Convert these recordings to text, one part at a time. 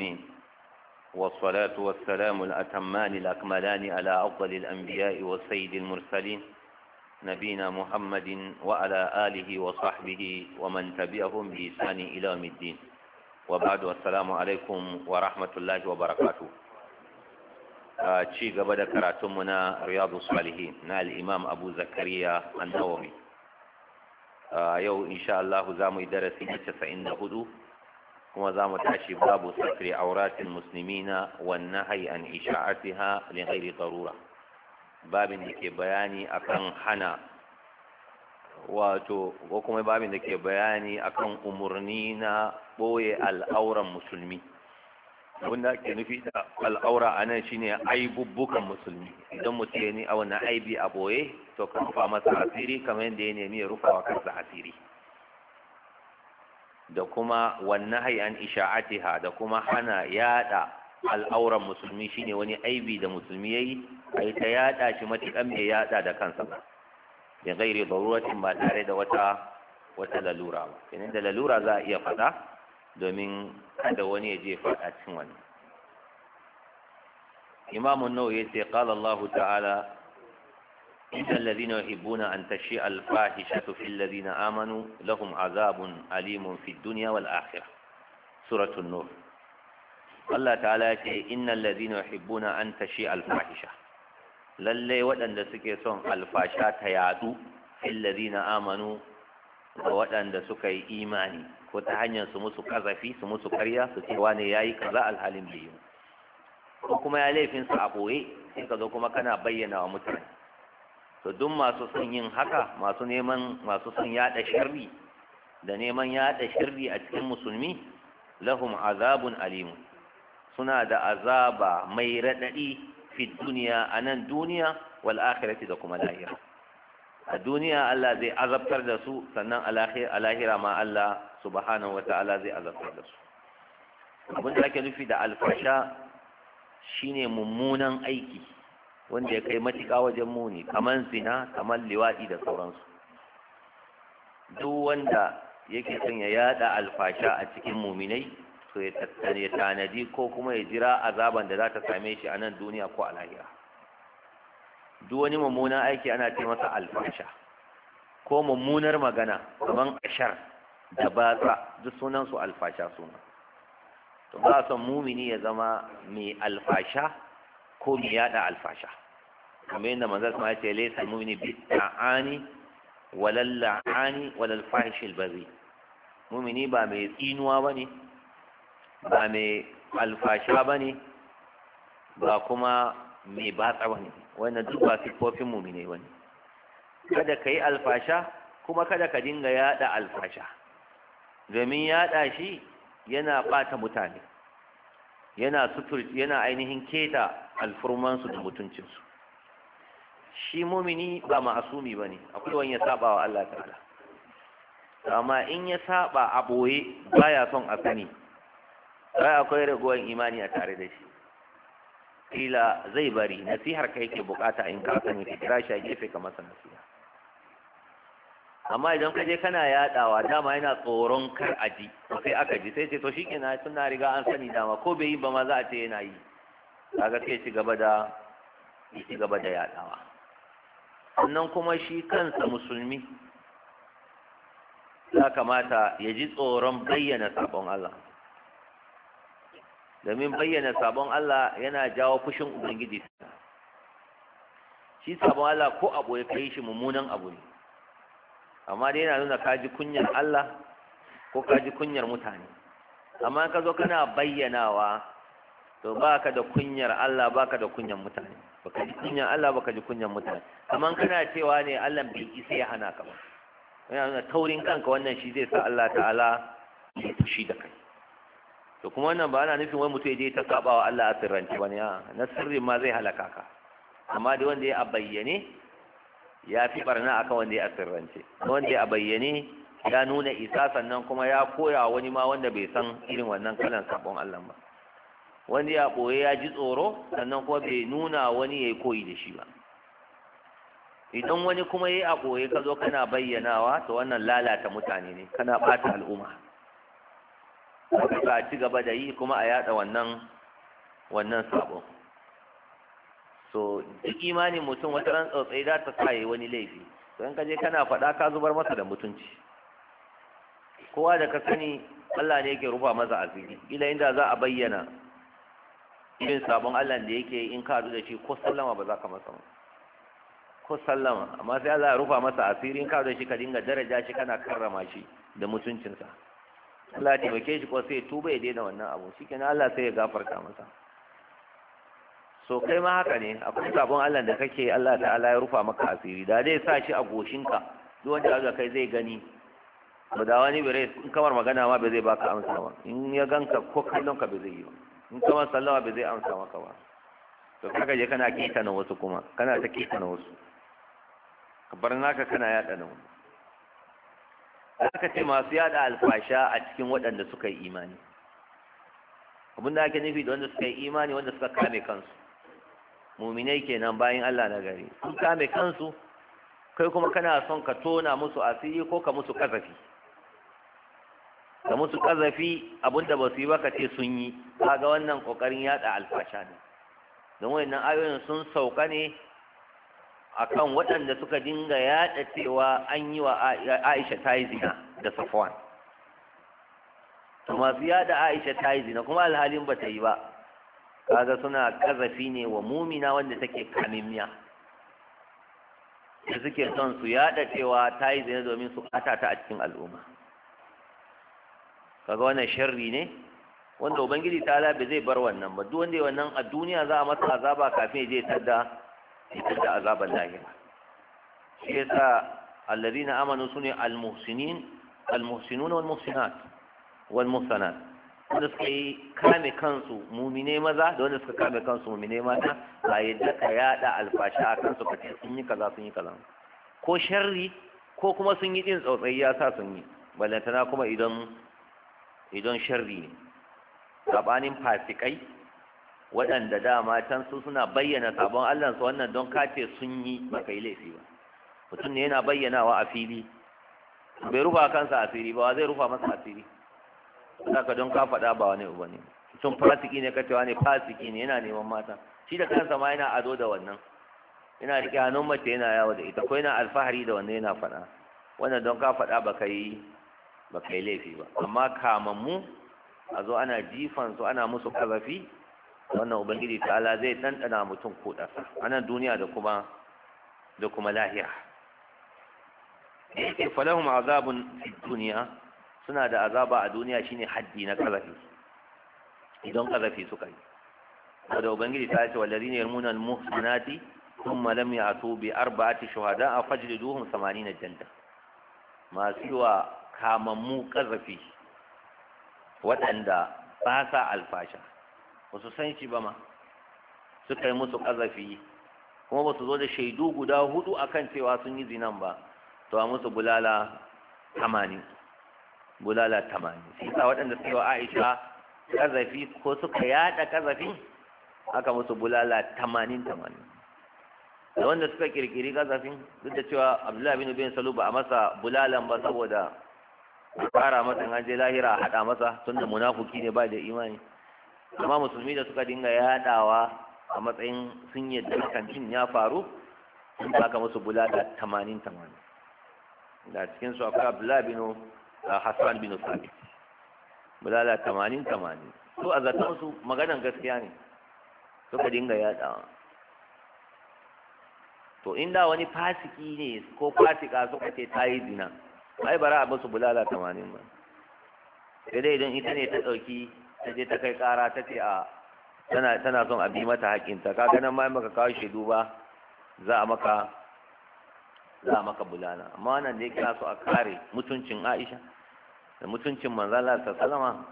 العالمين والصلاة والسلام الأتمان الأكملان على أفضل الأنبياء والسيد المرسلين نبينا محمد وعلى آله وصحبه ومن تبعهم بإسان إلى الدين وبعد والسلام عليكم ورحمة الله وبركاته ci آه، gaba كراتمنا رياض الصالحين نا الإمام أبو زكريا النومي آه، يو إن شاء الله زامي درسي mu yi kuma za mu tashi babu sakri auratin muslimina wannan nahyi an ha li ghairi tsarura babin da ke bayani akan hana wato ko kuma babin da ke bayani akan umarni na ɓoye al'auran musulmi da ke nufi da al'aura a nan shine aibubbukan musulmi idan mutum ya ni a wani aibi a ɓoye, to kan rufa masa asiri kamar yadda ya nemi ya rufa wa kansa asiri da kuma wannahi an isha'atiha da kuma hana yada al'auran musulmi shine wani aibi da musulmi yayi ai ta yada shi matukan mai yada da kansa ba bi ghairi daruratin ba tare da wata wata lalura ba kenan da lalura za a iya faɗa domin kada wani ya je faɗa cikin wani imamu nawawi ya ce Allah ta'ala إن الذين يحبون أن تشيء الفاحشة في الذين آمنوا لهم عذاب أليم في الدنيا والآخرة سورة النور الله تعالى إن الذين يحبون أن تشيء الفاحشة للي ودن سكي سون الفاشاة يعدو في الذين آمنوا ودن سكي إيماني وتهنيا سموس كذفي سموس كريا ستيواني ياي كذا الحالم بيهم وكما يلي فين صعبوه إن كذا كما كان بينا ومترين to duk masu son yin haka masu neman masu son yada sharri da neman yada sharri a cikin musulmi lahum azabun alimun suna da azaba mai raɗaɗi fi duniya a nan duniya wal akhirati da kuma lahira a duniya Allah zai azabtar da su sannan a lahira ma Allah subhanahu wa ta'ala zai azabtar da su abin da ake nufi da alfasha shine mummunan aiki wanda ya kai matuƙa wajen muni kamar zina kamar liwaɗi da sauransu duk wanda yake son ya yada alfasha a cikin muminai to ya tanadi ko kuma ya jira azaban da za ta same shi a nan duniya ko a lahira duk wani mummunan aiki ana ce masa alfasha ko mummunar magana kamar ashar da batsa duk sunansu alfasha suna to ba son mumini ya zama mai alfasha ko mai yada alfasha kamar yadda manzo sama ya ce laysa mu'mini bi ta'ani walal la'ani walal fahishil bazi mu'mini ba mai tsinuwa bane ba mai alfasha bane ba kuma mai batsa bane wannan duk ba siffofin mu'mini bane kada ka yi alfasha kuma kada ka dinga yada alfasha domin yada shi yana bata mutane yana sutur yana ainihin keta alfurmansu da mutuncinsu shi mumini ba ma'asumi ba ne akwai wani ya saba wa Allah ta'ala amma in ya saba a boye baya son a sani bai akwai ragowar imani a tare da shi kila zai bari nasihar ka yake bukata in ka sani ka kira shi a gefe ka masa nasiha amma idan ka je kana yadawa dama yana tsoron kar a ji sai aka ji sai ce to shikenan suna riga an sani dama ko bai yi ba ma za a ce yana yi kaga sai ci gaba da ci gaba da yadawa sannan kuma shi kansa musulmi ya kamata ya ji tsoron bayyana sabon Allah domin bayyana sabon Allah yana jawo fushin ubangiji shi sabon Allah ko abu ya kai shi mummunan abu ne amma dai yana nuna kaji kunyar Allah ko kaji kunyar mutane amma ka zo kana bayyanawa to baka da kunyar Allah baka da kunyar mutane baka ji kunyan Allah baka ji kunyan mutane kaman kana cewa ne Allah bai isa ya hana ka ba yana nuna taurin kanka wannan shi zai sa Allah ta'ala ya fushi da kai to kuma wannan ba ana nufin wai mutum ya je ta saba wa Allah a sirrance ba ne na sirrin ma zai halaka ka amma da wanda ya a bayyane ya fi barna akan wanda ya a sirrance wanda ya a bayyane ya nuna isa sannan kuma ya koya wani ma wanda bai san irin wannan kalan sabon Allah ba wani ya ɓoye ya ji tsoro sannan kuma bai nuna wani ya yi koyi da shi ba idan wani kuma ya yi a ɓoye ka zo kana bayyanawa to wannan lalata mutane ne kana ɓata al'umma ka ci gaba da yi kuma a yada wannan wannan sabon so duk imanin mutum wata ran tsotsai za ta sa wani laifi don ka je kana faɗa ka zubar masa da mutunci kowa da ka sani Allah ne yake rufa masa asiri ila inda za a bayyana Yin sabon Allah da yake in ka da shi ko sallama ba za ka masa ko sallama amma sai Allah ya rufa masa asiri in ka da shi ka dinga daraja shi kana karrama shi da mutuncinsa Allah ya taimake shi ko sai ya tuba ya daina wannan abu shikenan Allah sai ya gafarta masa so kai ma haka ne akwai sabon Allah da kake Allah ta'ala ya rufa maka asiri da zai sa shi a goshinka duk wanda ya kai zai gani ba da wani bare in kamar magana ma ba zai baka amsa ba in ya ganka ko kallon ka ba zai yi ba in ka masa sallama ba zai amsa maka ba to kaga je kana kita na wasu kuma kana ta kita na wasu ka bar naka kana yada na wani aka ce masu yada alfasha a cikin waɗanda suka yi imani abin da ake nufi da wanda suka yi imani wanda suka kame kansu muminai kenan bayan Allah na gari sun kame kansu kai kuma kana son ka tona musu asiri ko ka musu kazafi Da musu kazafi abinda ba su yi ba ka ce sun yi kaga wannan ƙoƙarin yada alfasha ne don wayannan ayoyin sun sauka ne akan waɗanda suka dinga yada cewa an yi wa Aisha ta yi zina da Safwan masu yada Aisha ta yi zina kuma alhalin ba ta yi ba kaga suna ƙazafi ne wa mumina wanda take kamimiya da suke son su yaɗa cewa ta yi zina domin su ata ta a cikin al'umma kaga wannan sharri ne wanda ubangiji ta ala zai bar wannan ba duk wanda ya wannan a duniya za a masa azaba kafin ya je tadda ya tadda azaban lahira shi yasa alladhina amanu sune almuhsinin almuhsinuna wal walmuhsanat wanda suka yi kame kansu mumine maza da wanda suka kame kansu mumine mata ba yadda ka yada alfashi a kansu ka ce sun yi kaza sun yi kaza ko sharri ko kuma sun yi din tsautsai ya sa sun yi ballantana kuma idan idan sharri ne gabanin fasikai waɗanda dama can su suna bayyana sabon Allah su wannan don kace sun yi baka yi laifi ba mutum ne yana bayyanawa a fili bai rufa kansa asiri ba zai rufa masa asiri ka don ka faɗa ba wani ba ne mutum fasiki ne ka cewa ne fasiki ne yana neman mata shi da kansa ma yana ado da wannan yana riƙe hannun mace yana yawo da ita ko yana alfahari da wannan yana faɗa wannan don ka faɗa ba ka yi ba kai laifi ba amma kamammu a zo ana jifan su ana musu kazafi wannan ubangiji ta'ala zai ɗanɗana mutum ko ɗasa a nan duniya da kuma da kuma lahiya yake falahum azabun duniya suna da azaba a duniya shine haddi na kazafi idan kazafi suka yi da ubangiji ta ce ne yarmuna almuhsanati thumma lam ya'tu bi arba'ati shuhada fajliduhum 80 janda masu wa kamammu ƙazafi waɗanda ba sa alfasha ba su san shi ba ma suka yi musu ƙazafi kuma ba su zo da shaidu guda hudu akan cewa sun yi zinan ba to a musu bulala tamanin bulala tamanin sai sa waɗanda suka yi wa aisha ƙazafi ko suka yaɗa ƙazafi aka musu bulala tamanin tamanin da wanda suka kirkiri ƙazafin duk da cewa abdullahi bin bin salu ba a masa bulalan ba saboda A fara masa in an je lahira a haɗa masa tunda munafuki ne ba da imani amma musulmi da suka dinga yaɗawa a matsayin sun yadda kantin ya faru sun baka musu bulala tamanin tamanin da cikin su akwai abdullahi bin ah, hassan bin sabit bulala tamanin tamanin su a zaton su maganan gaskiya ne suka dinga yaɗawa to inda wani fasiki ne ko fasika suka ce ta yi zina ai bara a musu bulala tamanin ba sai dai idan ita ne ta ɗauki ta je ta kai ƙara ta ce a tana tana son a bi mata haƙƙinta ka ganin ma maka kawo shaidu ba za a maka za a maka bulala amma wannan da ya kira su a kare mutuncin Aisha da mutuncin manzala ta salama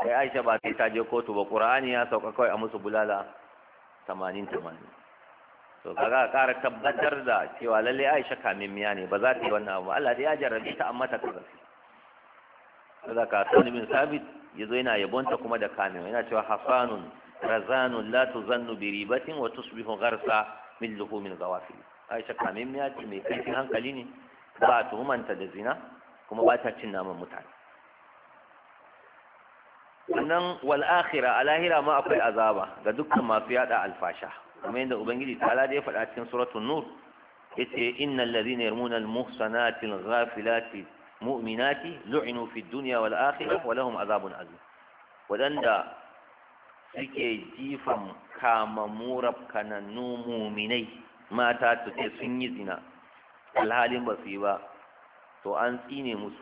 sai Aisha ba sai ta je kotu ba Qur'ani ya sauka kawai a musu bulala tamanin tamanin to kaga ƙara tabbatar da cewa lalle Aisha miya ne ba za ta yi wannan abu Allah dai ya jarrabe ta amma ta kaza kaza ka sani bin sabit yazo yana yabonta kuma da kamin yana cewa hafanun razanun la tuzannu bi ribatin wa tusbihu gharsa min luhumin gawafil Aisha kamimmiya ce mai kaifin hankali ne ba tuhumanta da zina kuma ba ta cin naman mutane sannan wal akhira a lahira ma akwai azaba ga dukkan masu yada alfasha kamar yadda ubangiji ta'ala da ya faɗa cikin suratul nur yace innal ladhina yarmuna al muhsanati al ghafilati mu'minati lu'inu fid duniya wal akhirah wa lahum azabun azim wadanda suke jifan kamamurab kananu muminai mata su ce sun yi zina alhalin ba su yi ba to an tsine musu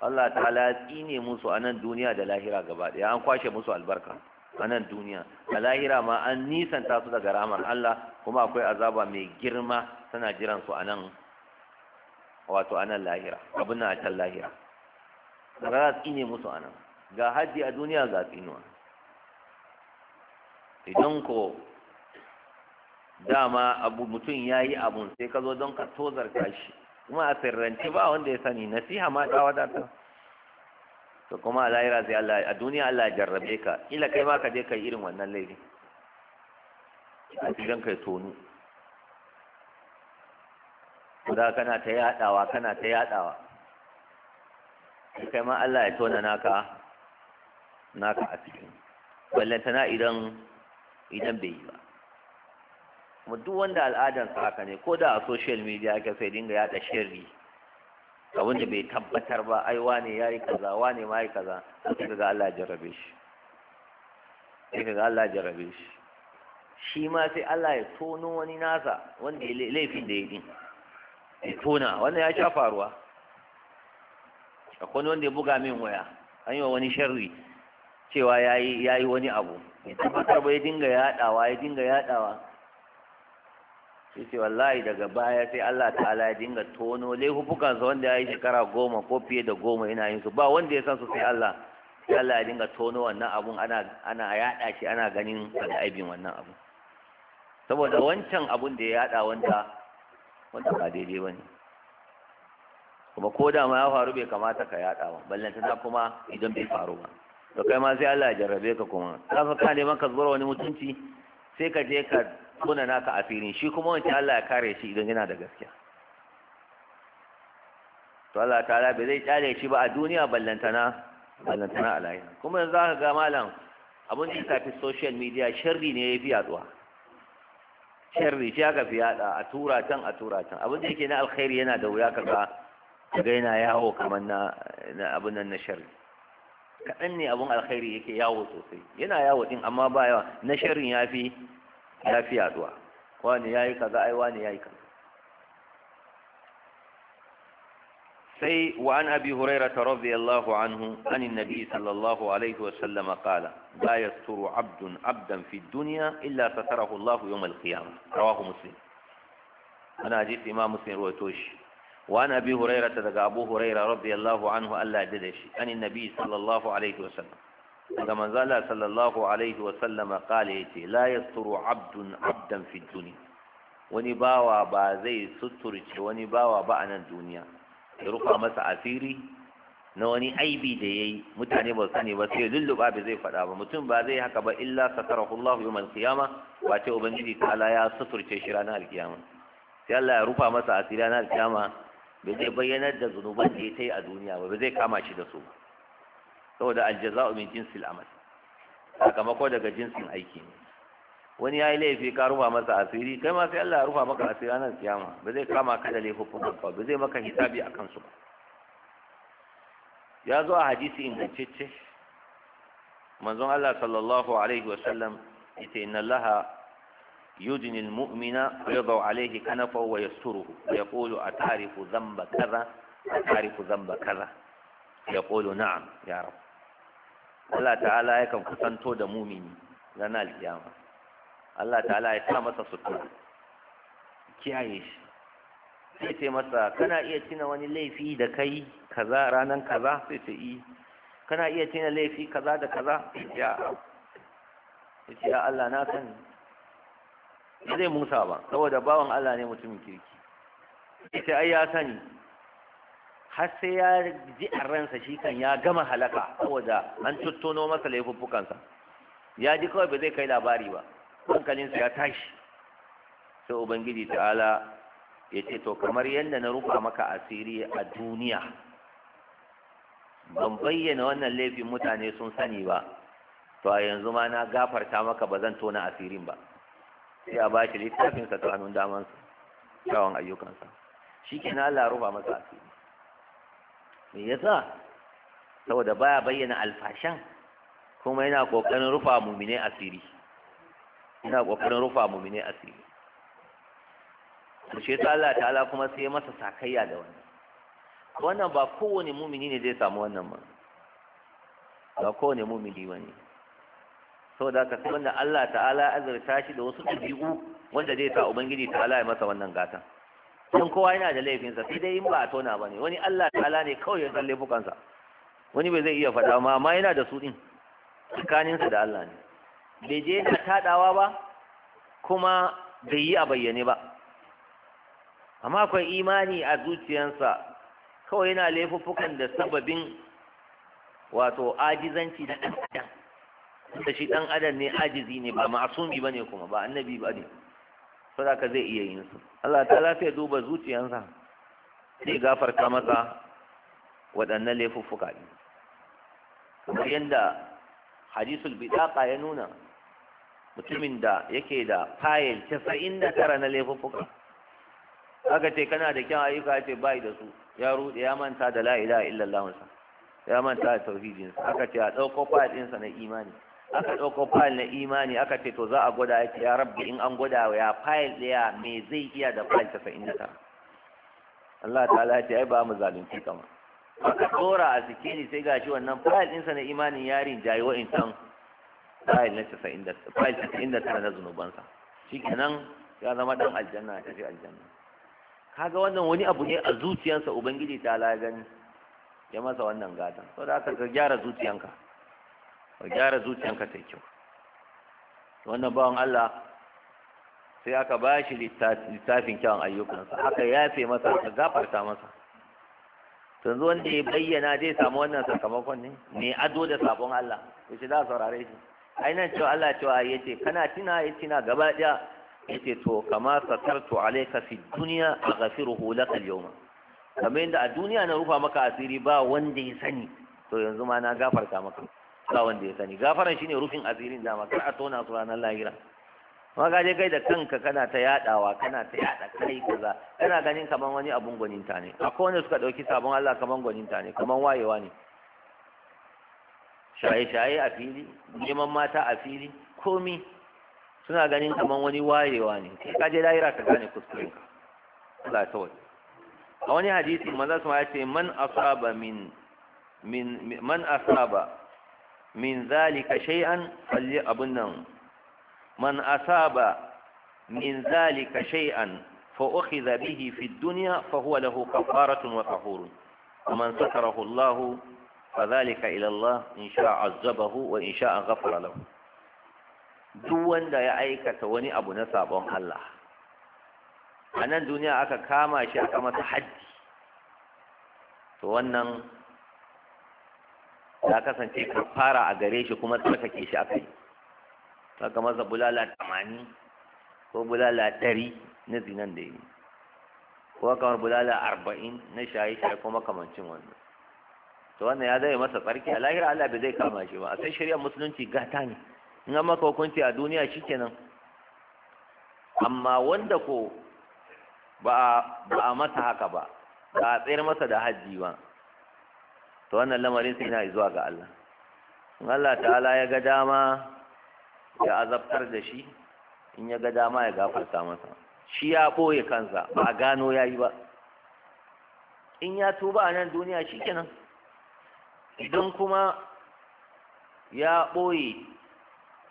Allah ta'ala tsine musu a nan duniya da lahira gaba ɗaya an kwashe musu albarka a nan duniya a lahira ma an nisanta su daga ramar Allah kuma akwai azaba mai girma tana jiran su a nan wato a nan lahira abin nan a can lahira daga za ne musu a nan ga hajji a duniya ga tsinuwa idan ko dama abu mutum ya yi abun sai ka zo don ka tozar shi kuma a sirrance ba wanda ya sani nasiha ma ta wadatar to kuma a lahira sai Allah a duniya Allah ya jarrabe ka ila kai ma ka je kai irin wannan laifin a cikin kai tonu da kana ta yadawa kana ta yadawa kai ma Allah ya tona naka naka a cikin ballantana idan idan bai yi ba kuma duk wanda al'adansa haka ne ko da a social media ake sai dinga yada sharri abin da bai tabbatar ba ai wane ya yi kaza wane ma ya yi kaza sai ka ga Allah ya jarrabe shi sai ka ga Allah ya jarrabe shi shi ma sai Allah ya tono wani nasa wanda ya laifin da ya yi ya tona wannan ya sha faruwa akwai wanda ya buga min waya an yi wa wani sharri cewa ya yi wani abu ya tabbatar ba ya dinga yaɗawa ya dinga yaɗawa sai ce wallahi daga baya sai Allah ta'ala ya dinga tono su wanda ya yi shekara goma ko fiye da goma yana yin su ba wanda ya san su sai Allah sai Allah ya dinga tono wannan abun ana ana yada shi ana ganin da aibin wannan abun saboda wancan abun da ya yada wanda wanda ba daidai ba ne kuma ko da ma ya faru bai kamata ka yada ba ballantana kuma idan bai faru ba to kai ma sai Allah ya jarrabe ka kuma ka fa ka neman ka zura wani mutunci sai ka je ka kuna naka asirin shi kuma wancan Allah ya kare shi idan yana da gaskiya to Allah ta'ala bai zai kyale shi ba a duniya ballantana ballantana a layi. kuma yanzu aka ga malam abun da tafi social media sharri ne ya fi yaduwa sharri shi aka fi yada a tura can a tura can abin da yake na alkhairi yana da wuya kaga ga yana yawo kamar na abin nan na sharri kaɗan ne abun alkhairi yake yawo sosai yana yawo din amma ba yawa na sharrin ya fi ya fi yaduwa wani ya yi kaza ai wani ya yi kaza sai wa an abi hurairata radiyallahu anhu an annabi sallallahu alaihi wasallam qala la yasturu abdun abdan fi dunya illa satarahu Allah yawm al rawahu muslim ana hadisi imam muslim ruwaito shi wa an abi hurairata daga abu huraira hurairah radiyallahu anhu Allah ya dade shi an annabi sallallahu alaihi wasallam daga manzala sallallahu alaihi wasallama kala ya ce la yasturu abdun abdan fi wani bawa ba zai suturce wani bawa ba a nan duniya ya rufa masa asiri na wani aibi da ya yi mutane ba sani ba sai lulluɓa ba zai faɗa ba mutum ba zai haka ba illa sakarahu Allah yau man kiyama ba ce ubangiji ta'ala ya suturce shi ranar alkiyama sai Allah ya rufa masa asiri ranar alkiyama bai zai bayyanar da zunuban da ya ta yi a duniya ba ba zai kama shi da su ba saboda aljaza'u min jinsil amal sakamako daga jinsin aiki ne wani yayi laifi ka rufa masa asiri kai ma sai Allah ya rufa maka asiri anan kiyama ba zai kama ka da laifukan ba ba zai maka hisabi a kansu ba ya zo a hadisi ingantacce manzon Allah sallallahu alaihi wa sallam ita inna Allah yudni المؤمن ويضع عليه كنفه ويستره ويقول أتعرف ذنب كذا أتعرف ذنب كذا يقول نعم يا رب Allah ta'ala ya kan kusanto da mumini ran alkiyama Allah ta'ala ya sa masa sutura kiyaye shi sai ce masa kana iya tina wani laifi da kai kaza ranan kaza sai ce yi eh. kana iya tina laifi kaza da kaza ya ce ya Allah na kan zai musa ba saboda bawan Allah ne mutumin kirki sai ai ya sani har sai ya ji a ransa shi kan ya gama halaka saboda an tuttuno masa laifuffukansa ya ji kawai ba zai kai labari ba hankalinsa ya tashi sai ubangiji ta'ala ya ce to kamar yadda na rufa maka asiri a duniya ban bayyana wannan laifin mutane sun sani ba to a yanzu ma na gafarta maka ba zan tona asirin ba sai a bashi littafinsa ta hannun damansa kyawun ayyukansa shi kenan Allah rufa masa asiri me yasa saboda baya bayyana alfashan kuma yana kokarin rufa mumine asiri yana kokarin rufa mumine asiri to shi ta Allah kuma sai masa sakayya da wannan wannan ba kowane mumini ne zai samu wannan ba ba kowane mumini bane saboda ka sai wanda Allah ta'ala azurta shi da wasu ɗabi'u wanda zai sa ubangiji ta'ala ya masa wannan gatan don kowa yana da laifinsa sai dai in ba a tona ba ne wani Allah ta'ala ne kawai ya san laifukansa wani bai zai iya faɗa ma amma yana da su ɗin tsakaninsa da Allah ne bai je yana taɗawa ba kuma bai yi a bayyane ba amma akwai imani a zuciyansa kawai yana laifukan da sababin wato ajizanci da ɗan adam da shi ɗan adam ne ajizi ne ba masumi ba ne kuma ba annabi ba ne ka zai iya yin su Allah ta lafiya duba zuciyansa zai gafarta masa waɗannan laifuffuka ne kamar yadda hadisul Bidaqa ya nuna mutumin da yake da fayil casa'in da tara na laifuffuka aka ce kana da kyan ayyuka ce bai da su ya rude ya manta da la ilaha illallah ya manta da tauhidinsa aka ce a ɗauko fayil ɗinsa na imani aka ɗauko fayil na imani aka ce to za a gwada ya ya rabbi in an gwada ya fayil ɗaya me zai iya da fayil tasa'in da tara Allah ta ala ce ai ba mu zalunci kama aka ɗora a sikini sai gashi wannan fayil ɗinsa na imanin yarin in wa'incan fayil na tasa'in da tara na zunubansa nan ya zama ɗan aljanna ya tafi aljanna kaga wannan wani abu ne a zuciyarsa ubangiji ta la gani ya masa wannan gatan saboda haka ka gyara zuciyanka ka gyara zuciyanka ta kyau wannan bawan Allah sai aka ba shi littafin kyawun ayyukansa aka yafe masa aka gafarta masa yanzu wanda ya bayyana zai samu wannan sakamakon ne ne ado da sabon Allah ya ce za a saurare shi ainihin cewa Allah cewa ya ce kana tina ya tina gaba ɗaya ya ce to kama satartu alaika fi duniya a gafiruhu laka yawma kamar yadda a duniya na rufa maka asiri ba wanda ya sani to yanzu ma na gafarta maka ba wanda ya sani gafaran shine rufin asirin dama kar a tona su ranar lahira ma ka je kai da kanka kana ta yadawa kana ta yada kai kaza kana ganin kaman wani abun ta ne akwai wanda suka dauki sabon Allah kaman ta ne kaman wayewa ne shaye-shaye a fili neman mata a fili komi suna ganin kaman wani wayewa ne sai ka je lahira ka gane ka Allah ta wani a wani hadisi manzo ya ce man asaba min min man asaba min zalika shay'an falli abun nan man asaba min zalika shay'an fa ukhidha bihi fi dunya fa huwa lahu kafaratun wa tahurun ومن ستره الله فذلك إلى الله إن شاء عذبه وإن شاء غفر lahu. duk wanda ya aikata wani abu na sabon Allah a nan duniya aka kama shi aka masa hajji to wannan ya kasance fara a gare shi kuma tsarkake shi ta saka masa bulala tamanin ko bulala ɗari na zinan da yi ko kamar bulala arba'in na shaye shaye ko makamancin wannan to wannan ya zai masa tsarki a lahira Allah bai zai kama shi ba a sai shari'ar musulunci gata ne in an maka hukunci a duniya shi kenan amma wanda ko ba a masa haka ba ba a tsayar masa da hajji ba to wannan lamarin sai yana zuwa ga Allah in Allah ta'ala ya ga dama ya azabtar da shi in ya ga dama ya gafarta masa shi ya ɓoye kansa ba a gano ya yi ba in ya tuba a nan duniya shi kenan idan kuma ya ɓoye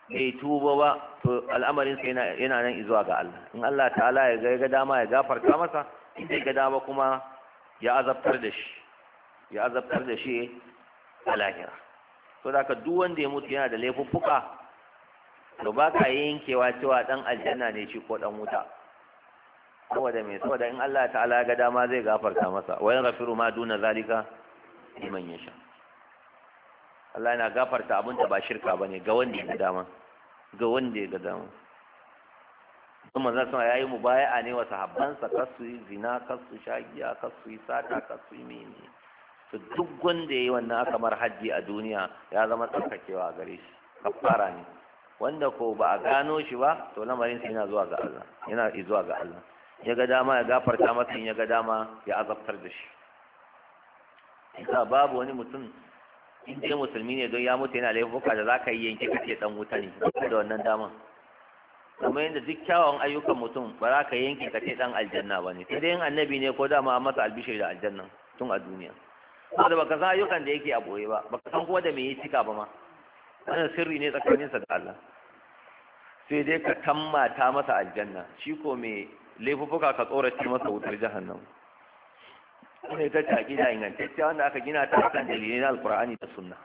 bai tuba ba to al'amarinsa yana nan izuwa ga Allah in Allah ta'ala ya ga dama ya gafarta masa in ya ga dama kuma ya azabtar da shi ya azabtar da shi a lahira to da ka duk wanda ya mutu yana da laifuffuka to ba ka yankewa cewa dan aljanna ne shi ko dan wuta saboda mai saboda in Allah ta'ala ga dama zai gafarta masa wa yaghfiru ma duna zalika liman yasha Allah yana gafarta abin da ba shirka bane ga wanda ya ga dama ga wanda ya ga dama sun zan sama ya yi mu baya a ne wa sahabbansa kasu yi zina kasu shagiya kasu yi sata kasu yi mene to duk wanda ya yi wannan aka mar hajji a duniya ya zama tsarkakewa a gare shi kafara ne wanda ko ba a gano shi ba to lamarin sa yana zuwa ga Allah yana zuwa ga Allah ya ga dama ya gafarta masa ya ga dama ya azabtar da shi ita babu wani mutum in dai musulmi ne don ya mutu yana laifuka da zaka yi yanke kace dan wuta ne da wannan dama. kamar yadda duk kyawawan ayyukan mutum ba za ka yanke ka ce dan aljanna ba ne sai dai annabi ne ko dama a masa albishir da aljanna tun a duniya saboda baka san ayyukan da yake a boye ba baka san kuma da me yi cika ba ma wannan sirri ne tsakaninsa da Allah sai dai ka kammata masa aljanna shi ko me laifuffuka ka tsorace masa wutar jahannam ne ta taki da ingantacciya wanda aka gina ta akan dalilai na alqur'ani da sunna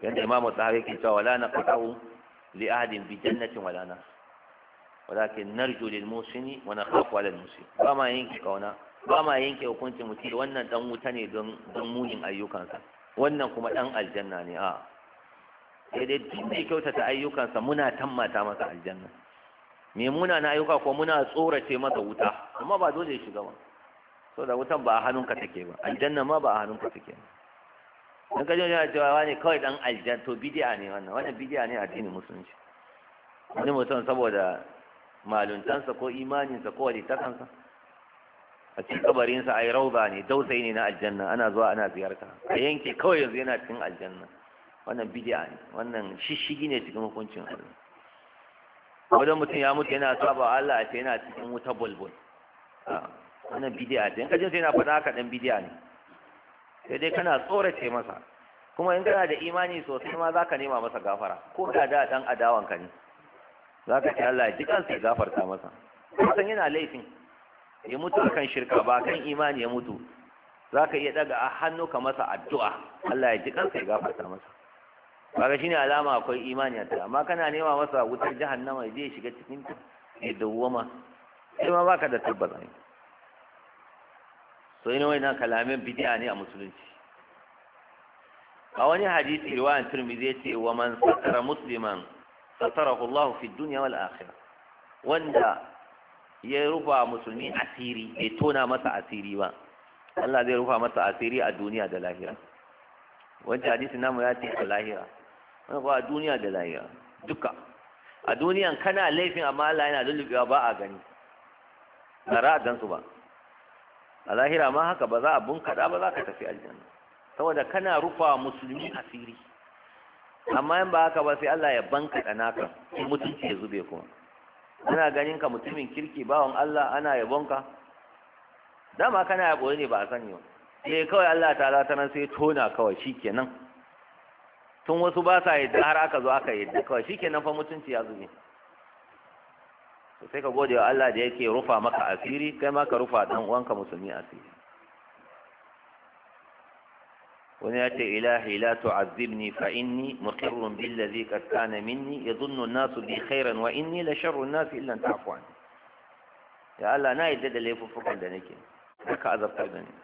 yanda imamu sahabi ke cewa wala naqta'u li ahadin bi jannatin wala nas walakin narju lil musini wa nakhafu ala musini ba ma yin kauna ba ma yanke hukuncin mutum da wannan dan wuta ne don munin ayyukansa wannan kuma dan aljanna ne a sai dai duk mai kyautata ayyukansa muna tammata masa aljanna me muna na ayyuka ko muna tsorace masa wuta amma ba dole ya shiga ba so da wutan ba a hannunka take ba aljanna ma ba a hannunka take ba dan kaje yana cewa wani kawai dan aljanna to bid'a ne wannan wannan bid'a ne addinin musulunci wani mutum saboda maluntansa ko imaninsa ko walitakansa a cikin kabarinsa ai rauza ne dausayi ne na aljanna ana zuwa ana ziyarta a yanke kawai yanzu yana cikin aljanna wannan bidiya ne wannan shishigi ne cikin hukuncin Allah wajen mutum ya mutu yana saba Allah a ce yana cikin wuta bulbul wannan bidiya ce in ka jinsa yana faɗa haka dan bidiya ne sai dai kana tsorace masa kuma in kana da imani sosai ma zaka nema masa gafara ko da da dan adawanka ne zaka ce Allah ya ji kansa ya gafarta masa kusan yana laifin ya mutu akan shirka ba kan imani ya mutu za ka iya daga a hannu ka masa addu'a Allah ya ji kansa ya gafarta masa kaga shine alama akwai imani a tare amma kana nema masa wutar jahannama ya je shiga cikin ta ya dawwama sai ma baka da tabbata ne so ina wannan kalamin bid'a ne a musulunci a wani hadisi riwayan turmizi ya ce wa man satara musliman satarahu Allah fi dunya wal akhirah wanda ya rufa musulmi asiri bai tona masa asiri ba Allah zai rufa masa asiri a duniya da lahira wancan hadisi namu ya ce a lahira wani ba a duniya da lahira duka a duniyan kana laifin amma Allah yana lullubewa ba a gani Na za a ba a lahira ma haka ba za a bunkada ba za ka tafi aljanna saboda kana rufa musulmi asiri amma in ba haka ba sai Allah ya bankaɗa naka mutunci ya zube kuma ana ganin ka mutumin kirki bawan Allah ana yabonka dama kana yabo ne ba a sani ba Me eh, kawai Allah ta ta nan sai tona kawai shikenan tun wasu ba sa yadda har aka zo aka yadda kawai shikenan fa mutunci ya zube sai ka gode wa Allah da yake rufa maka asiri kai ma ka rufa dan uwanka musulmi asiri ونات إلهي لا تعذبني فإني مقر بالذي قد كان مني يظن الناس بي خيرا وإني لشر الناس إلا أن تعفو عني يا الله نا يدد اللي يفوفك عندك لك أذب قلبني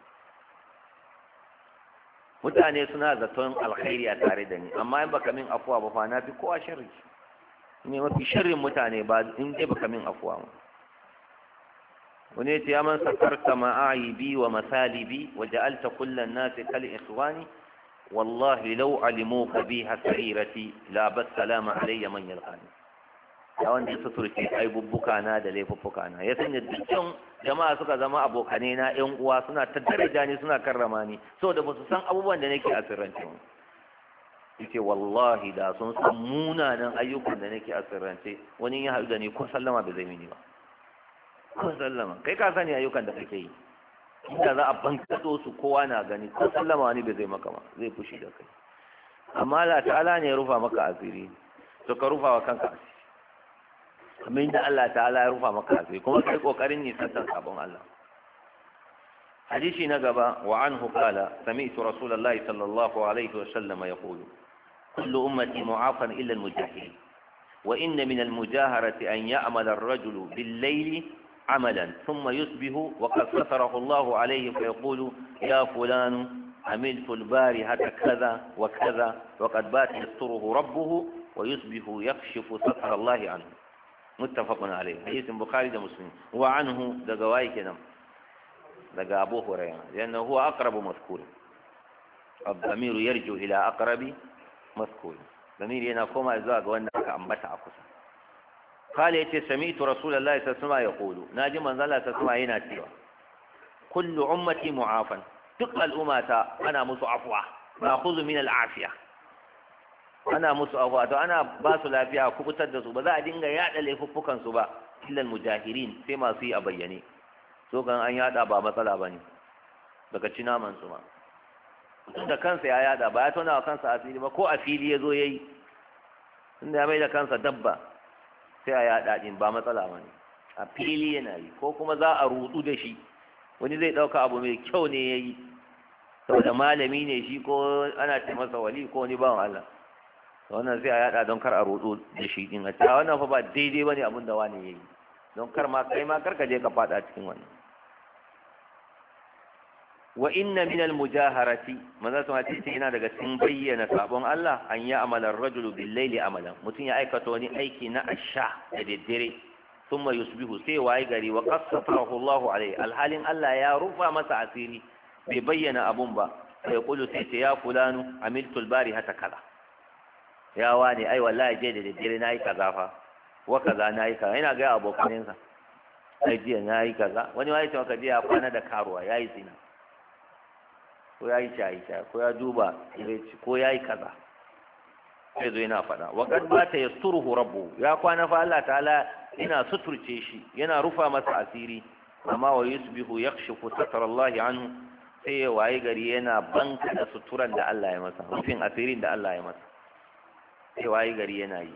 متعني سنا ذاتون الخير أتاردني أما إن بك من أفواه فأنا بكوا شر في شر متعني بعد إن بك من أفواه. wani ya ce ya man sakarta ma'aibi wa masalibi wa ja'alta kullan ce kal isuwani wallahi lau alimu ka biha sarirati la bas salama alayya man ya wanda ya suturce aibubbuka na da laifuffuka na ya sanya dukkan jama'a suka zama abokane na yan uwa suna ta daraja ni suna karrama ni saboda ba su san abubuwan da nake a sirrance yace wallahi da sun san munanan ayyukan da nake a sirrance wani ya haɗu da ni ko sallama ba zai mini ba sallama kai ka sani ayyukan da kake yi inda za a bankaɗo su kowa na gani ko sallama wani bai zai maka ba zai fushi da kai amma Allah ta'ala ne ya rufa maka asiri to ka rufa wa kanka asiri kamar yadda Allah ta'ala ya rufa maka asiri kuma kai kokarin nisantar sabon Allah حديث نقبة وعنه قال سمعت رسول الله صلى الله عليه وسلم يقول كل أمتي معافى إلا المجاهرين وإن من المجاهرة أن يعمل الرجل بالليل عملا ثم يصبح وقد ستره الله عليه فيقول يا فلان عملت البارحة كذا وكذا وقد بات يستره ربه ويصبح يكشف ستر الله عنه متفق عليه حديث البخاري ومسلم وعنه دقواي كذا كده أبو هريرة لأنه هو أقرب مذكور الضمير يرجو إلى أقرب مذكور ضمير هنا كما إذا وانك كأنبت أقصى kala ya ce sami tu rasulallah ya sa ya kolo na ji manzala ta suma yana cewa kullu ummati mu'afan duk al'ummata ana musu afuwa ma khudhu min al'afiya ana musu afuwa to ana ba lafiya ku kubutar da su ba za a dinga yada laifuffukan su ba illa mujahirin sai masu yi a bayyane so kan an yada ba matsala bane daga cina man su ma da kansa ya yada ba ya tona wa kansa asiri ba ko afili ya zo yayi tunda ya mai da kansa dabba sai a yaɗa ɗin ba matsala ba ne a fili yana yi ko kuma za a rutsu da shi wani zai ɗauka abu mai kyau ne ya yi saboda malami ne shi ko ana ce masa wali ko wani ba Allah wannan sai a yaɗa don kar a rutsu da shi ɗin a wannan fa ba daidai ba ne abin da wani ya yi don kar ma kai ma kar ka je ka faɗa cikin wannan wa inna min al-mujaharati maza sun ce ce yana daga cikin bayyana sabon Allah an ya amala ar-rajulu bil-layli amalan mutun ya aikata wani aiki na asha da daddare thumma yusbihu sai wayi gari wa qassafahu Allah alai alhalin Allah ya rufa masa asiri bai bayyana abun ba sai kullu sai ce ya fulanu amiltu al-bari hata kala. ya wani ai wallahi je da daddare nayi kaza fa wa kaza nayi kaza ina ga abokanansa ai jiya nayi kaza wani wani ce maka jiya kwana da karuwa yayi zina ko ya yi shaye-shaye ko ya duba ko ya yi kaza sai zo yana faɗa wa kad ta yasturuhu rabbu ya kwana fa Allah ta'ala ina suturce shi yana rufa masa asiri amma wa yusbihu yakhshifu satar Allah anhu sai ya waye gari yana banka da suturan da Allah ya masa rufin asirin da Allah ya masa sai waye gari yana yi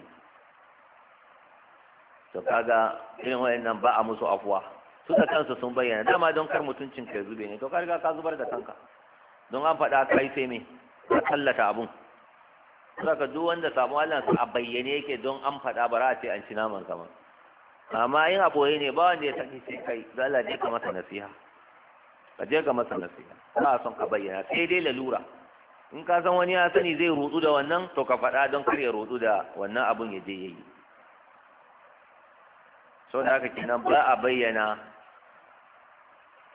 to kaga irin wayannan ba a musu afuwa su da kansu sun bayyana dama don kar mutuncin ka zube ne to ka riga ka zubar da kanka don an faɗa kai sai me ka tallata abun saka duk wanda samu Allah a bayyane yake don an faɗa bara a ce an ci naman kama amma in aboye ne ba wanda ya sani sai kai za Allah je ka masa nasiha ka je ka masa nasiha ba son ka bayyana sai dai lalura in ka san wani ya sani zai rutsu da wannan to ka faɗa don kar ya rutsu da wannan abun ya je yayi so da haka kenan ba a bayyana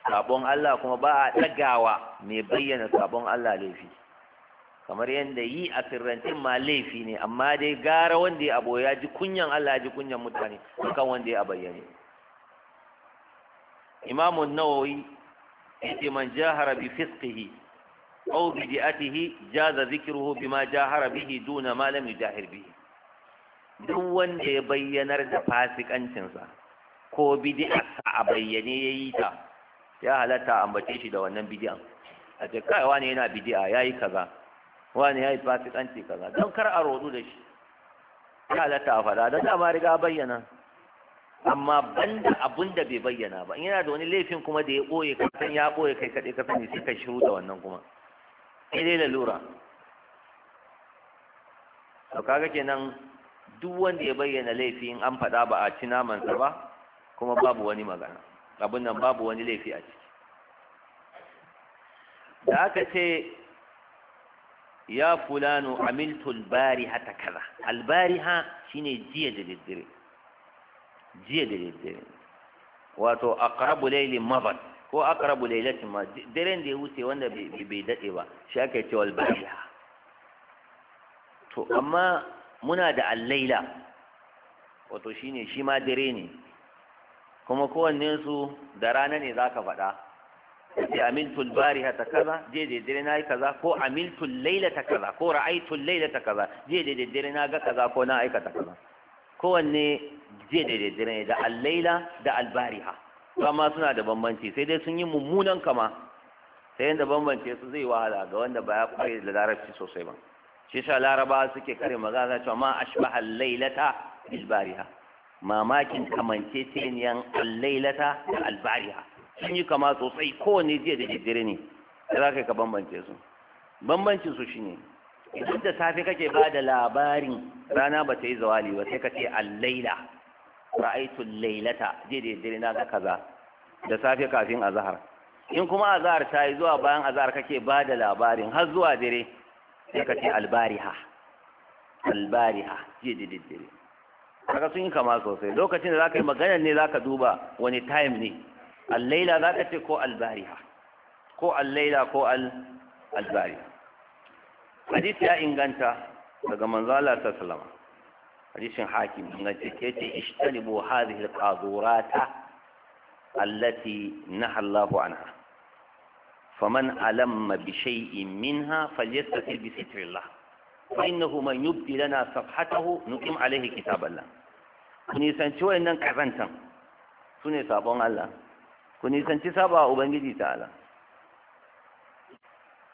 sabon Allah kuma ba a ɗagawa mai bayyana sabon Allah laifi kamar yadda yi a firrancin ma laifi ne amma dai gara wanda ya abo ya ji kunyan Allah ya ji kunyan mutane kan wanda ya bayyane imamu nawawi ce man jahara bi fisqihi aw bi jaza dhikruhu bima jahara bihi duna ma lam yujahir bihi duk wanda ya bayyanar da fasikancinsa ko bid'a a bayyane yayi ta ya halatta a ambace shi da wannan bidiyan a ce kai wani yana bidiya ya yi kaza wani ya yi fasikanci kaza don kar a rodu da shi ya halatta a faɗa don dama riga bayyana amma banda abun da bai bayyana ba in yana da wani laifin kuma da ya ɓoye kasan ya ɓoye kai kaɗai kasan ne sai ka shiru da wannan kuma sai dai lalura to kaga kenan duk wanda ya bayyana laifin an faɗa ba a ci namansa ba kuma babu wani magana abin nan babu wani laifi a ciki da aka ce ya fulano amiltul bariha ta kaza Albari albariha shine jiya da daddare jiya da daddare wato a aqrabu laylin mabat ko a aqrabu laylatin ma daren da ya wuce wanda bai daɗe ba shi aka ce ha. to amma muna da al-laila wato shine shi ma dare ne kuma kowanne su da rana ne za ka faɗa sai amiltul bariha ta kaza je da dare na yi kaza ko amiltul laila ta kaza ko ra'aitul laila ta kaza je da dare na ga kaza ko na aikata kaza kowanne je da dare ne da al-laila da al-bariha amma suna da bambanci sai dai sun yi mummunan kama sai yanda bambance su zai wahala ga wanda ba ya kware da larabci sosai ba shi sa laraba suke kare magana cewa ma ashbaha al-lailata bil bariha mamakin kamanceceniyan allailata da albariha sun yi kama sosai kowane jiya da daddare ne da za ka ka bambance su bambancin su shine idan da safe kake ba da labarin rana ba ta yi zawali ba sai ka ce allaila ra'aitu lailata jiya da daddare na kaza da safe kafin azahar in kuma azahar ta yi zuwa bayan azahar kake ba da labarin har zuwa dare sai ka ce albariha albariha jiya da daddare kaga sun yi kama sosai lokacin da zaka yi magana ne zaka duba wani time ne al-laila zaka ce ko al-bariha ko al-laila ko al-bariha hadisi ya inganta daga manzo Allah sallallahu hadisin hakim inganta ke ce ishtanibu hadhihi al-qadurata allati naha Allahu anha فمن ألم بشيء منها فليستتر بستر الله فإنه من يبدي لنا صفحته نقيم عليه كتاب الله ku nisanci wayannan kazantan su ne sabon Allah ku nisanci saba wa ubangiji ta'ala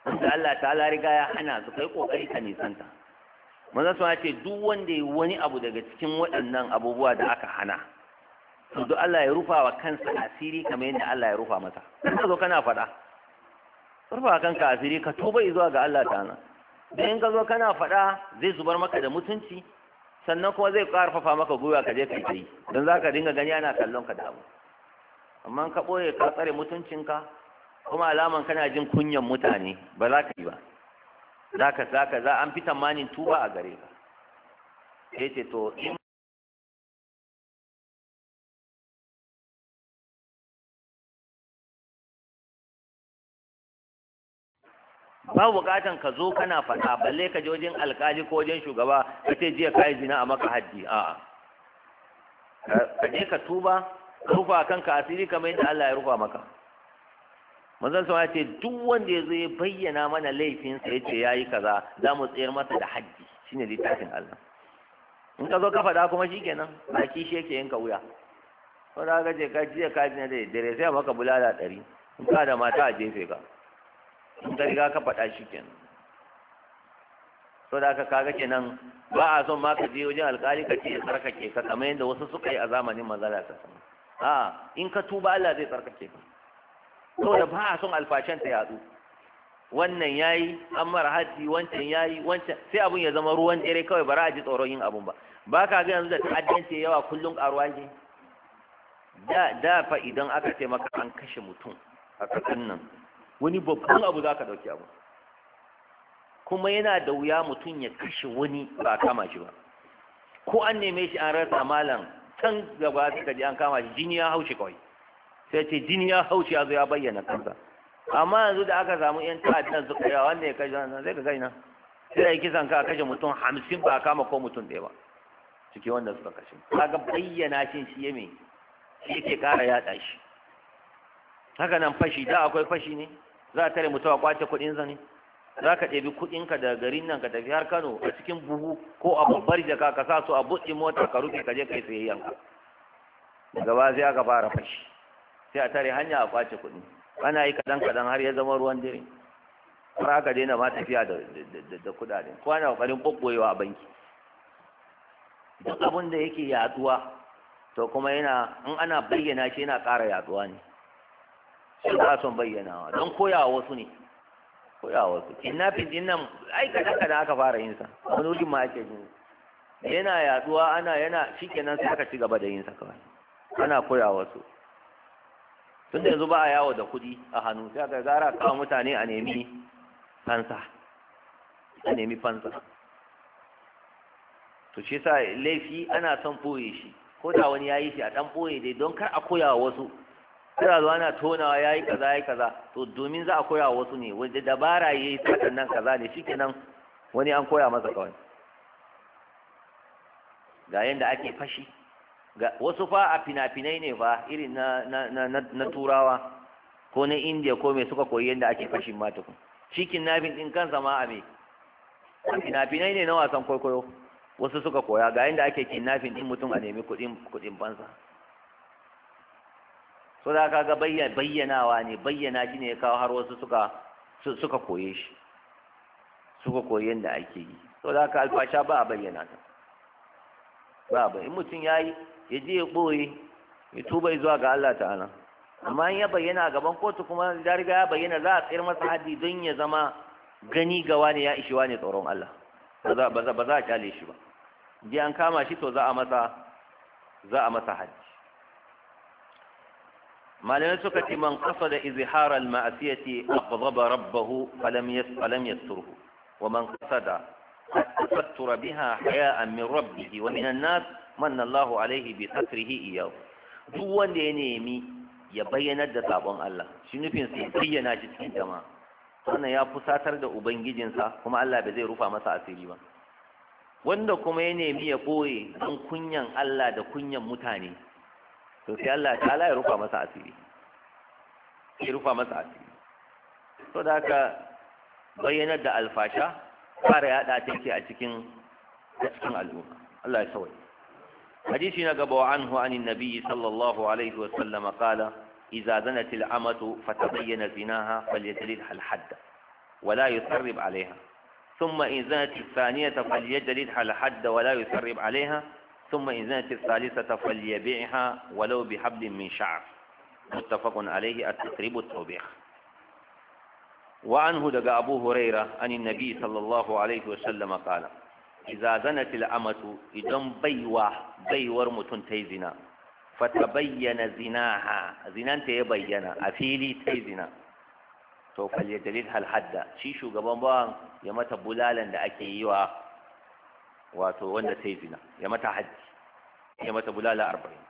wanda Allah ta'ala riga ya hana su kai kokari ka nisanta manzon sun ce duk wanda ya wani abu daga cikin waɗannan abubuwa da aka hana to duk Allah ya rufa wa kansa asiri kamar yadda Allah ya rufa masa kana zo kana faɗa rufa kanka asiri ka tuba zuwa ga Allah ta'ala dan in ka zo kana faɗa zai zubar maka da mutunci sannan kuma zai karfafa maka gwiwa ka je ka yi don za ka dinga gani ana kallon ka da abu amma ka ɓoye ka tsare mutuncinka kuma alaman kana jin kunyan mutane ba za ka yi ba za ka za ka za an fi tamanin tuba a gare ka sai ce to in ba bukatan ka zo kana faɗa balle ka je wajen alkali ko wajen shugaba ka ce jiya yi zina a maka haddi a'a ka je ka tuba rufa kanka asiri kamar yadda Allah ya rufa maka manzon sama ya ce duk wanda ya zo ya bayyana mana laifinsa ya ce ya yi kaza za mu tsayar masa da haddi shine littafin Allah in ka zo ka faɗa kuma shikenan a kishi yake yanka wuya ko da ka je ka jiya ka ji na da dare sai maka bulala ɗari in ka da mata a jefe ka in ka riga ka faɗa shi kenan so da aka kaga kenan ba a son ma ka je wajen alƙali ka ce ya tsarkake ka kamar yadda wasu suka yi a zamanin manzala ta sama a in ka tuba Allah zai tsarkake ka da ba a son alfashen ta yadu wannan yayi an mara haddi wancan yayi wancan sai abun ya zama ruwan dare kawai ba a ji tsoron yin abun ba ba ka ga yanzu da ta'addanci yawa kullum karuwa ne da da fa idan aka ce maka an kashe mutum a kasan nan wani babban abu za ka ɗauki abu kuma yana da wuya mutum ya kashe wani ba kama shi ba ko an neme shi an rasa malam can gaba suka ji an kama shi jini ya haushi kawai sai ce jini ya haushi ya zo ya bayyana kansa amma yanzu da aka samu yan ta'addan suka kaya wanda ya kashe wannan zai ka gaina sai ai kisan ka kashe mutum hamsin ba kama ko mutum ɗaya ba ciki wanda suka kashe kaga bayyana shi shi ya me shi yake kara yaɗa shi haka nan fashi da akwai fashi ne za a tare mu a kwace kuɗin zani? za ka ɗebi kuɗinka daga garin nan ka tafi har kano a cikin buhu ko a babbar jaka ka sa su a buɗe mota ka rufe ka je ka yi sayayyanka gaba sai aka fara fashi sai a tare hanya a kwace kuɗi ana yi kaɗan kaɗan har ya zama ruwan dare har aka daina ma tafiya da da kuɗaɗen ko ana ƙarin ɓoɓɓoyewa a banki duk abin da yake yaduwa to kuma yana in ana bayyana shi yana ƙara yaduwa ne sai ba son bayyanawa don koyawa wasu ne koyawa wasu inna fi dinnan ai daka da aka fara yin sa wani wuri ma ake yin yana yaduwa ana yana shikenan sai aka ci gaba da yin sa kawai ana koyawa wasu da yanzu ba a yawo da kuɗi a hannu sai aka gara kawo mutane a nemi fansa a nemi fansa to shi sa laifi ana son ɓoye shi ko da wani ya yi shi a ɗan ɓoye dai don kar a koya wa wasu sai a zuwa na tonawa ya yi kaza ya yi kaza to domin za a koya wa wasu ne wanda dabara ya yi sakan nan kaza ne shikenan wani an koya masa kawai ga yadda ake fashi wasu fa a fina-finai ne fa irin na, na, na, na, turawa ko na indiya ko mai suka koyi yadda ake fashin ma tukun cikin nafin ɗin kansa ma a me a fina-finai ne na wasan kwaikwayo wasu suka koya ga yadda ake nafin ɗin mutum a nemi kuɗin bansa so da ga bayyanawa ne bayyana shi ne ya kawo har wasu suka suka koye shi suka koyi yadda ake yi so da ka alfasha ba a bayyana ta ba ba in mutum ya yi ya je ya ɓoye ya tuba zuwa ga Allah ta'ala amma in ya bayyana a gaban kotu kuma da riga ya bayyana za a tsayar masa hadi don ya zama gani ga wani ya ishi wani tsoron Allah ba za a kyale shi ba je an kama shi to za a masa za a masa hadi malamai suka ce man da izhara al-ma'siyati aghdaba rabbahu falam yas falam yasturhu wa man qasada tafattura biha haya'an min rabbihi wa min nas manna Allahu alayhi bi satrihi iyahu duk wanda ya nemi ya bayyanar da sabon Allah shi nufin sai bayyana shi cikin jama'a wannan ya fusatar da ubangijinsa kuma Allah bai zai rufa masa asiri ba wanda kuma ya nemi ya boye don kunyan Allah da kunyan mutane to sai Allah ta'ala ya rufa masa asiri ya rufa masa asiri to da haka bayyanar da alfasha fara yada take a cikin a cikin al'umma Allah ya sauya hadisi na gaba wa anhu an nabiyyi sallallahu alaihi wa sallam qala idza إذا زنت الأمة فتبين زناها فليجلدها الحد ولا يسرب عليها ثم إن زنت الثانية فليجلدها الحد ولا يسرب عليها ثم إن زنت الثالثة فليبيعها ولو بحبل من شعر متفق عليه التقريب التوبيخ وعنه دقى أبو هريرة أن النبي صلى الله عليه وسلم قال إذا زنت الأمة إذن بيوة بيور متنتيزنا فتبين زناها زنان تيبين أفيلي تيزنا to falyadalil الحد شيشو shi shugaban bawan ya mata bulalan da ake حد ya mata bulala arba'in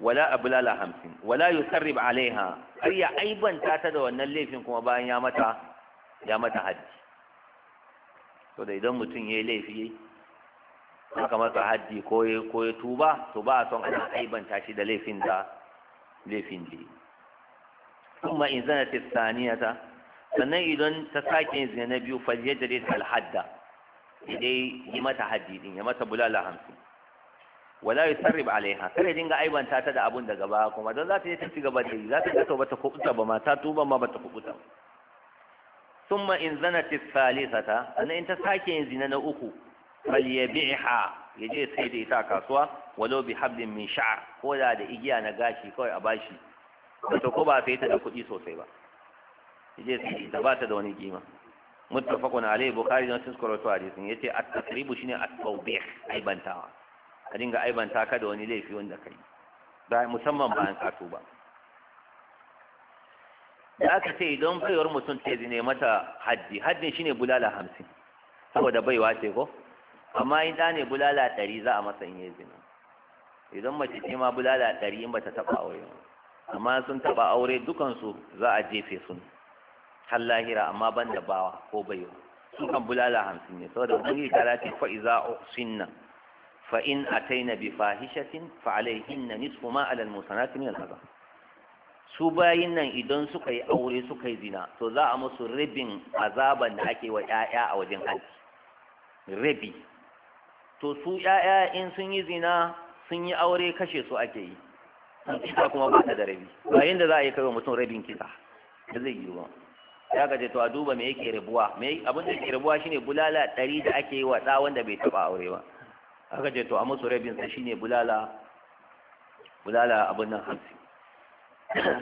wala a bulala hamsin wala yusarrib alaiha har ya aibanta ta da wannan laifin kuma bayan ya mata haddi to da idan mutum ya yi laifi aka masa haddi ko ya ko tuba to ba a son ana aibanta shi da laifin da laifin da kuma in zana ta saniyata sannan idan ta sake zina na biyu falyajrid al alhadda. idai yi mata haddi din ya mata bulala hamsin wala yusarrib alaiha kare dinga aibanta ta da abun daga ba kuma don za ta yi ta ci gaba da yi za ta ga ba ta kubuta ba ma ta tuba ma ba ta kubuta summa in zanat thalithata sannan in ta sake yin zina na uku ya yaje sai da ita kasuwa walau bi hablin min sha'r ko da da igiya na gashi kawai a bashi ba ta ba sai ta da kuɗi sosai ba yaje sai ita ba ta da wani kima muttafaqun alayhi bukhari da muslim ko rawaito hadisin yace at-tasribu shine at-tawbih aibantawa a dinga aibanta ka da wani laifi wanda kai ba musamman bayan ka tuba da aka ce idan baiwar mutum ta zine mata haddi haddin shine bulala hamsin saboda baiwa ce ko amma in ɗane ne bulala ɗari za a masa in yi zina idan mace ce ma bulala ɗari in bata taɓa aure amma sun taɓa aure dukansu za a jefe su har lahira amma ban da bawa ko baiwa sukan bulala hamsin ne saboda ubangiji ta ce fa'iza sunna فإن أتينا بفاحشة فعليهن نصف ما على المحصنات من العذاب su bayin nan idan suka yi aure suka yi zina to za a musu rabin azaban da ake wa ‘ya'ya a wajen haji rabi to su ‘ya'ya in sun yi zina sun yi aure kashe su ake yi An kisa kuma ba ta da rabi bayan da za a yi kawai mutum rabin kisa da zai yi ba ya gaje to a duba me yake rabuwa abin da yake rabuwa shine bulala dari da ake yi wa tsawon da bai taɓa aure ba aka ce to a musu rabin sa shine bulala bulala abin nan hamsin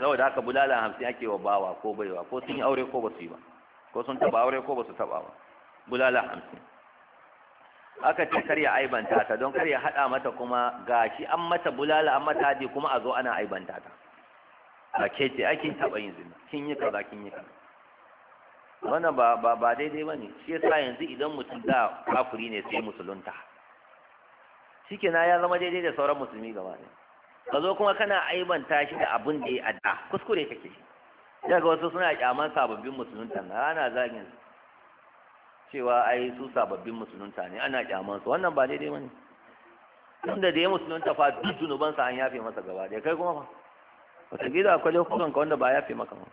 saboda haka bulala hamsin ake wa bawa ko baiwa ko sun yi aure ko ba su yi ba ko sun taba aure ko ba su taba ba bulala hamsin aka ce karya aibanta ta don karya haɗa mata kuma gashi an mata bulala an mata hadi kuma a zo ana aibanta ta a ke ce ake taɓa yin zina kin yi kaza kin yi kaza wannan ba ba daidai ba ne shi yasa yanzu idan mutum da kafuri ne sai musulunta na ya zama daidai da sauran musulmi gaba ɗaya ka zo kuma kana aibanta shi da abun da ya adda kuskure kake ya ga wasu suna kyaman sababbin musulunta ana zagin cewa ai su sababbin musulunta ne ana kyaman su wannan ba daidai bane wanda da ya musulunta fa duk zunuban sa an yafe masa gaba da kai kuma fa wata gida akwai lokutan ka wanda ba yafe maka ba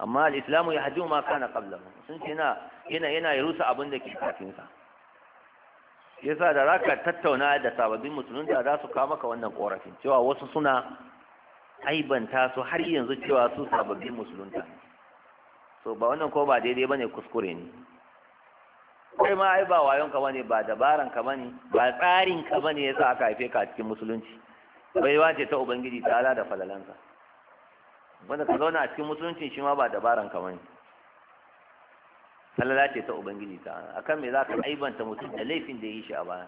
amma al-islamu yahdimu ma kana qablahu sun ce yana yana yana rusa abin da ke kafin sa yasa da raka tattauna da sababbin musulunta za su kawo maka wannan korafin cewa wasu suna aibanta su har yanzu cewa su sababbin musulunta so ba wannan ko ba daidai bane kuskure ne kai ma ai ba wayon ka bane ba dabaran ka bane ba tsarin ka bane yasa aka haife ka a cikin musulunci baiwa ce ta ubangiji ta ala da falalanka wanda ka zauna a cikin musulunci shi ma ba dabaran ka bane falala ce ta ubangiji ta akan me za ka aibanta mutum da laifin da ya yi shi a baya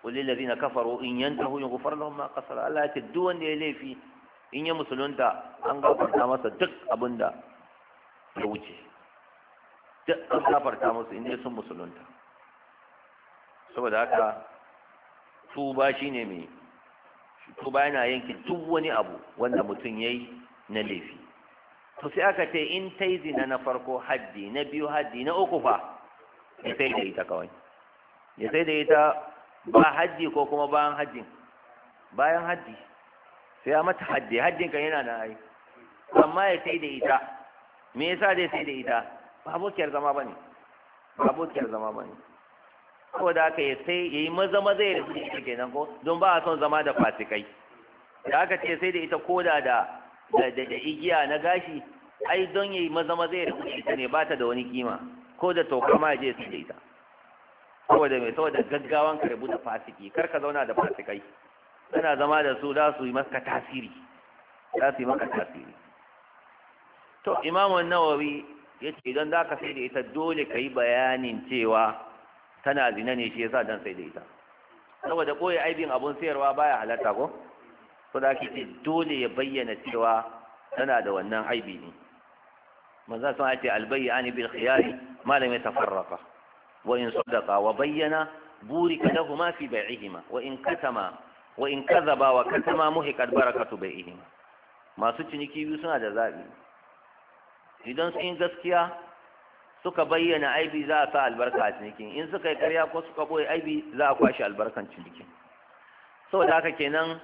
kulli ladina kafaru in yantahu yughfar lahum ma qasara Allah ya ce duk wanda ya laifi in ya musulunta an gafarta masa duk abinda ya wuce duk an gafarta masa in sun musulunta saboda haka tuba shine mai tuba yana yanke duk wani abu wanda mutum yayi na laifi to sai aka ce in ta yi zina na farko haddi na biyu haddi na uku fa ya sai da ita kawai ya sai da ita ba haddi ko kuma bayan haddin bayan haddi sai ya mata haddi haddin kan yana na ai amma ya sai da ita me yasa zai sai da ita ba abokiyar zama bane ba abokiyar zama bane saboda haka ya sai yayi maza maza ya shi kenan ko don ba a son zama da fasikai da aka ce sai da ita koda da da igiya na gashi ai don yayi maza maza ya rubuce ta ne bata da wani kima ko da tokar ma je su daita saboda mai saboda gaggawan ka rubuta fasiki kar ka zauna da fasikai kana zama da su za su yi maka tasiri za su yi maka tasiri to imamu nawawi ya ce idan za ka sai da ita dole ka yi bayanin cewa tana zina ne shi yasa dan sai da ita saboda koyi aibin abun sayarwa baya halatta ko so da ake dole ya bayyana cewa tana da wannan aibi ne manzon sun ce albayyani bil khiyari malam ya tafarrafa wa in sadaqa wa bayyana burika lahuma fi bai'ihima wa in katama wa in kazaba wa katama muhiqat barakatu bai'ihima masu ciniki biyu suna da zabi idan sun yi gaskiya suka bayyana aibi za a sa albarka a cinikin in suka yi karya ko suka boye aibi za a kwashe albarkan cinikin saboda haka kenan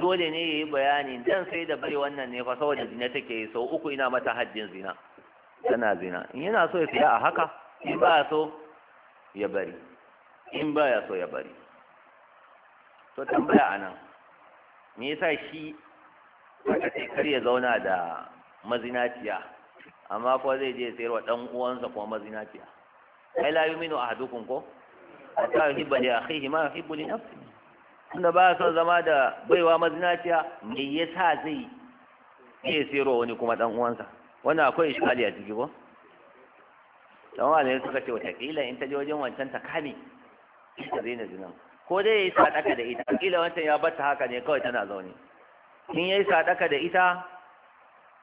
dole ne ya yi bayani dan sai da bai wannan ne fa saboda zina take yi, so uku ina mata haddin zina tana zina in yana so ya tsaya a haka in ba so ya bari in ba ya so ya bari to tambaya anan me yasa shi ka ce kar ya zauna da mazinaciya amma ko zai je sayarwa dan uwansa ko mazinaciya ai la yuminu ahadukum ko hatta yuhibba li akhihi ma yuhibbu li nafsihi da ba son zama da baiwa mazinaciya me yasa zai iya sayarwa wani kuma dan uwansa wannan akwai ishkali a ciki ko dan wani suka ce wata kila in ta je wajen wancan ta kame ta daina zinan ko dai yayi sadaka da ita kila wancan ya bata haka ne kawai tana zaune in yayi sadaka da ita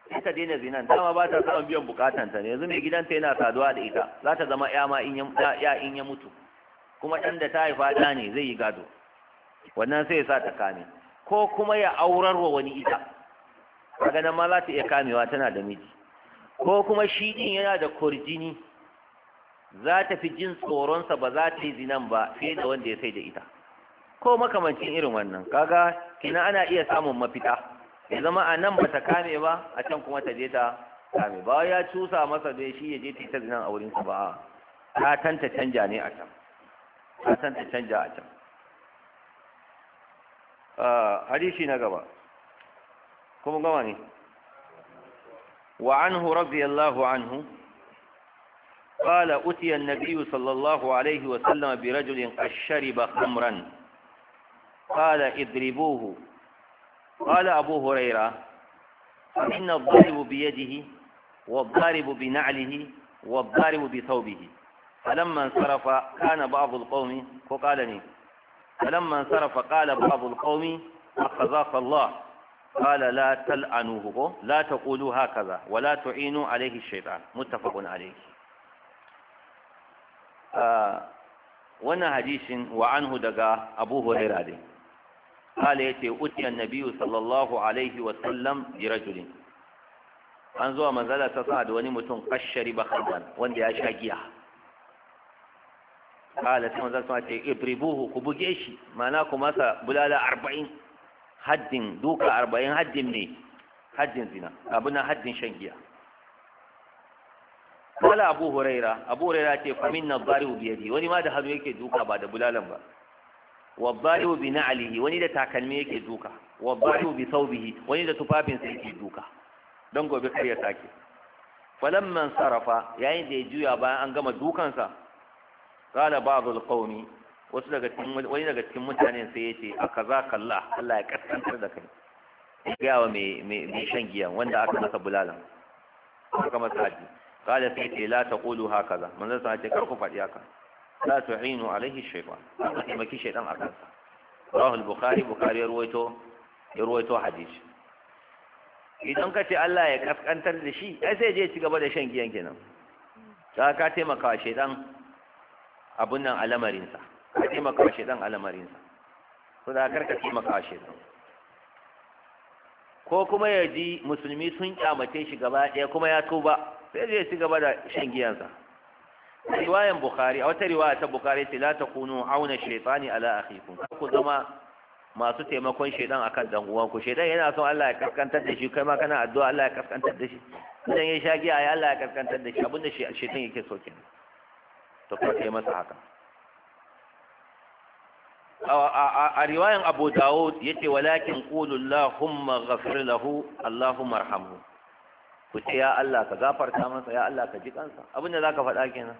sai ta daina zinan dama ba ta samun biyan bukatanta ne yanzu mai gidanta yana saduwa da ita za ta zama ya ma ya in ya mutu kuma ɗan da ta haifa ɗa ne zai yi gado wannan sai ya sa ta kame ko kuma ya aurar wa wani ita kaga nan ma za ta iya kamewa tana da miji ko kuma shi din yana da kurjini za ta fi jin tsoronsa ba za ta yi zinan ba fiye da wanda ya sai da ita ko makamancin irin wannan kaga kina ana iya samun mafita ya zama a nan ba ta kame ba a can kuma ta je ta kame ba ya cusa masa dai shi ya je ta yi zinan a wurinsa ba ta tanta canja ne ta tanta canja a can hadisi na gaba kuma gama ne wa'anhu radiyallahu anhu ƙala utiyan nabiyu sallallahu alaihi wasallama bi rajulin ƙashari ba hamran ƙala idribuhu ƙala abu huraira inna baribu bi yadihi wa baribu bi na'alihi wa baribu bi taubihi alamman sarrafa kana ba abu ko ƙala ne فلما انصرف قال بعض القوم أخذاك الله قال لا تلعنوه لا تقولوا هكذا ولا تعينوا عليه الشيطان متفق عليه آه وانا حديث وعنه دقا أبو هريرة دي قال يتي أتي النبي صلى الله عليه وسلم برجل أنزوا مزالة تصعد ونمتن قشر بخدا وان دي أشاقيها kala sai manzo sama ce ibribuhu ku buge shi mana ku masa bulala arba'in haddin duka arba'in haddin ne haddin zina abin shan giya kala abu huraira abu huraira ce fa minna dharibu bi yadi wani ma da hannu yake duka ba da bulalan ba wa dharibu bi na'lihi wani da takalmi yake duka wa dharibu bi thawbihi wani da tufafin yake duka don gobe kar ya sake falamman sarafa yayin da ya juya bayan an gama dukansa qala ba'dul qaumi wasu daga cikin wani daga cikin mutanen sai yace kaza kalla Allah ya kaskantar da kai ga wa mai mai shan giya wanda aka masa bulalan aka masa haji qala sai ce la taqulu hakaza manzo sai ce kar ku faɗi haka la tu'inu alaihi shaytan kuma maki shaytan akan sa rawahu al-bukhari bukhari ya ruwaito ya ruwaito hadisi idan ka ce Allah ya kaskantar da shi ai sai je ci gaba da shan giyan kenan ka ka taimaka wa shaytan abun nan alamarinsa ka taimaka shi dan alamarinsa so da karka taimaka shi dan ko kuma ya ji musulmi sun kyamace shi gaba ɗaya kuma ya tuba sai zai ci gaba da shan giyansa riwayan bukhari a wata riwaya ta bukhari ce la takunu auna shaytani ala akhikum ku zama masu taimakon shaidan akan dan ku shaidan yana son Allah ya kaskantar da shi kai ma kana addu'a Allah ya kaskantar da shi idan ya sha giya ya Allah ya kaskantar da shi abinda shaidan yake so kenan to ka kai masa haka a riwayan abu dawud ya ce walakin ƙulu Allahumma ghafir lahu Allahumma arhamhu ku ce ya Allah ka gafarta masa ya Allah ka ji kansa abinda za ka faɗa kenan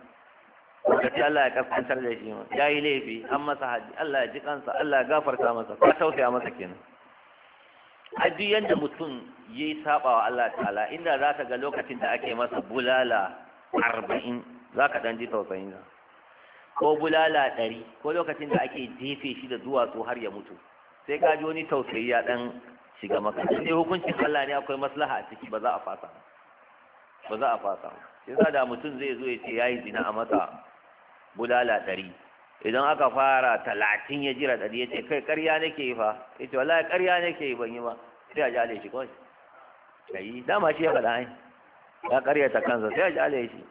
ka ce Allah ya kaskantar da shi ma ya yi laifi an masa haji Allah ya ji kansa Allah ya gafarta masa ka tausaya masa kenan a duk yadda mutum ya yi saɓa wa Allah ta'ala inda za ka ga lokacin da ake masa bulala arba'in za ka ɗan ji tausayin sa ko bulala ɗari ko lokacin da ake jefe shi da duwatsu har ya mutu sai ka ji wani tausayi ya ɗan shiga maka in dai hukuncin Allah ne akwai maslaha a ciki ba za a fasa ba za a fasa sa da mutum zai zo ya ce yayi zina a masa bulala ɗari idan aka fara talatin ya jira ɗari ya ce kai ƙarya nake yi fa ya ce wallahi ƙarya nake yi ban yi ba sai a jale shi kawai kai dama shi ya faɗa ai ya ƙaryata kansa sai a jale shi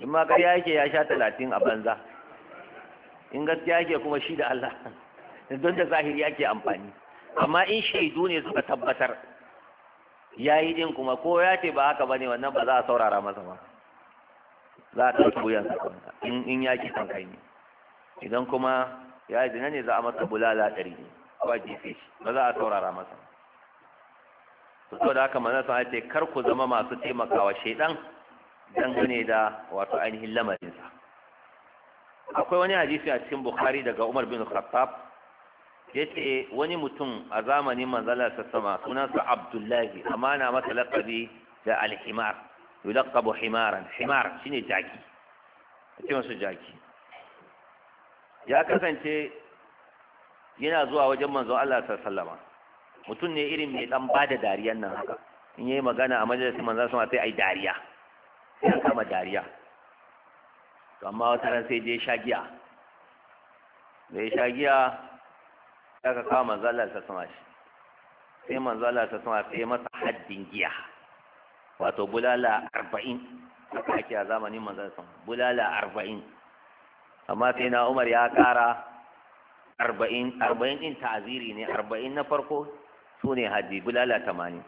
in ma ya yake ya sha talatin a banza in gaskiya yake kuma shi da Allah don da zahiri yake amfani amma in shaidu ne suka tabbatar ya yi din kuma ko ya ce ba haka ba ne wannan ba za a saurara masa ba za a ɗauki wuyan sakonka in ya ki kan kai ne idan kuma ya yi ne za a masa bulala ɗari ne ba jefe shi ba za a saurara masa to da haka manasa ce kar ku zama masu taimakawa shaidan dangane da wato ainihin lamarinsa akwai wani hadisi a cikin bukhari daga umar bin khattab ya ce wani mutum a zamanin Manzalar sassama sunansa abdullahi amma na masa laƙabi da alhimar yulaqabu himaran himar shine jaki ce masu jaki ya kasance yana zuwa wajen Manzo Allah sallama mutum ne irin mai dan bada dariyan nan haka in yayi magana a majalisin manzon sama sai ai dariya sai kama dariya to amma wata ran sai je sha giya da ya sha giya ya ka kawo manzala ta sama shi sai manzala ta sama sai masa haddin giya wato bulala arba'in haka ake a zamanin manzo sama bulala arba'in amma sai na Umar ya kara arba'in arba'in din ta'aziri ne arba'in na farko su ne haddi bulala tamanin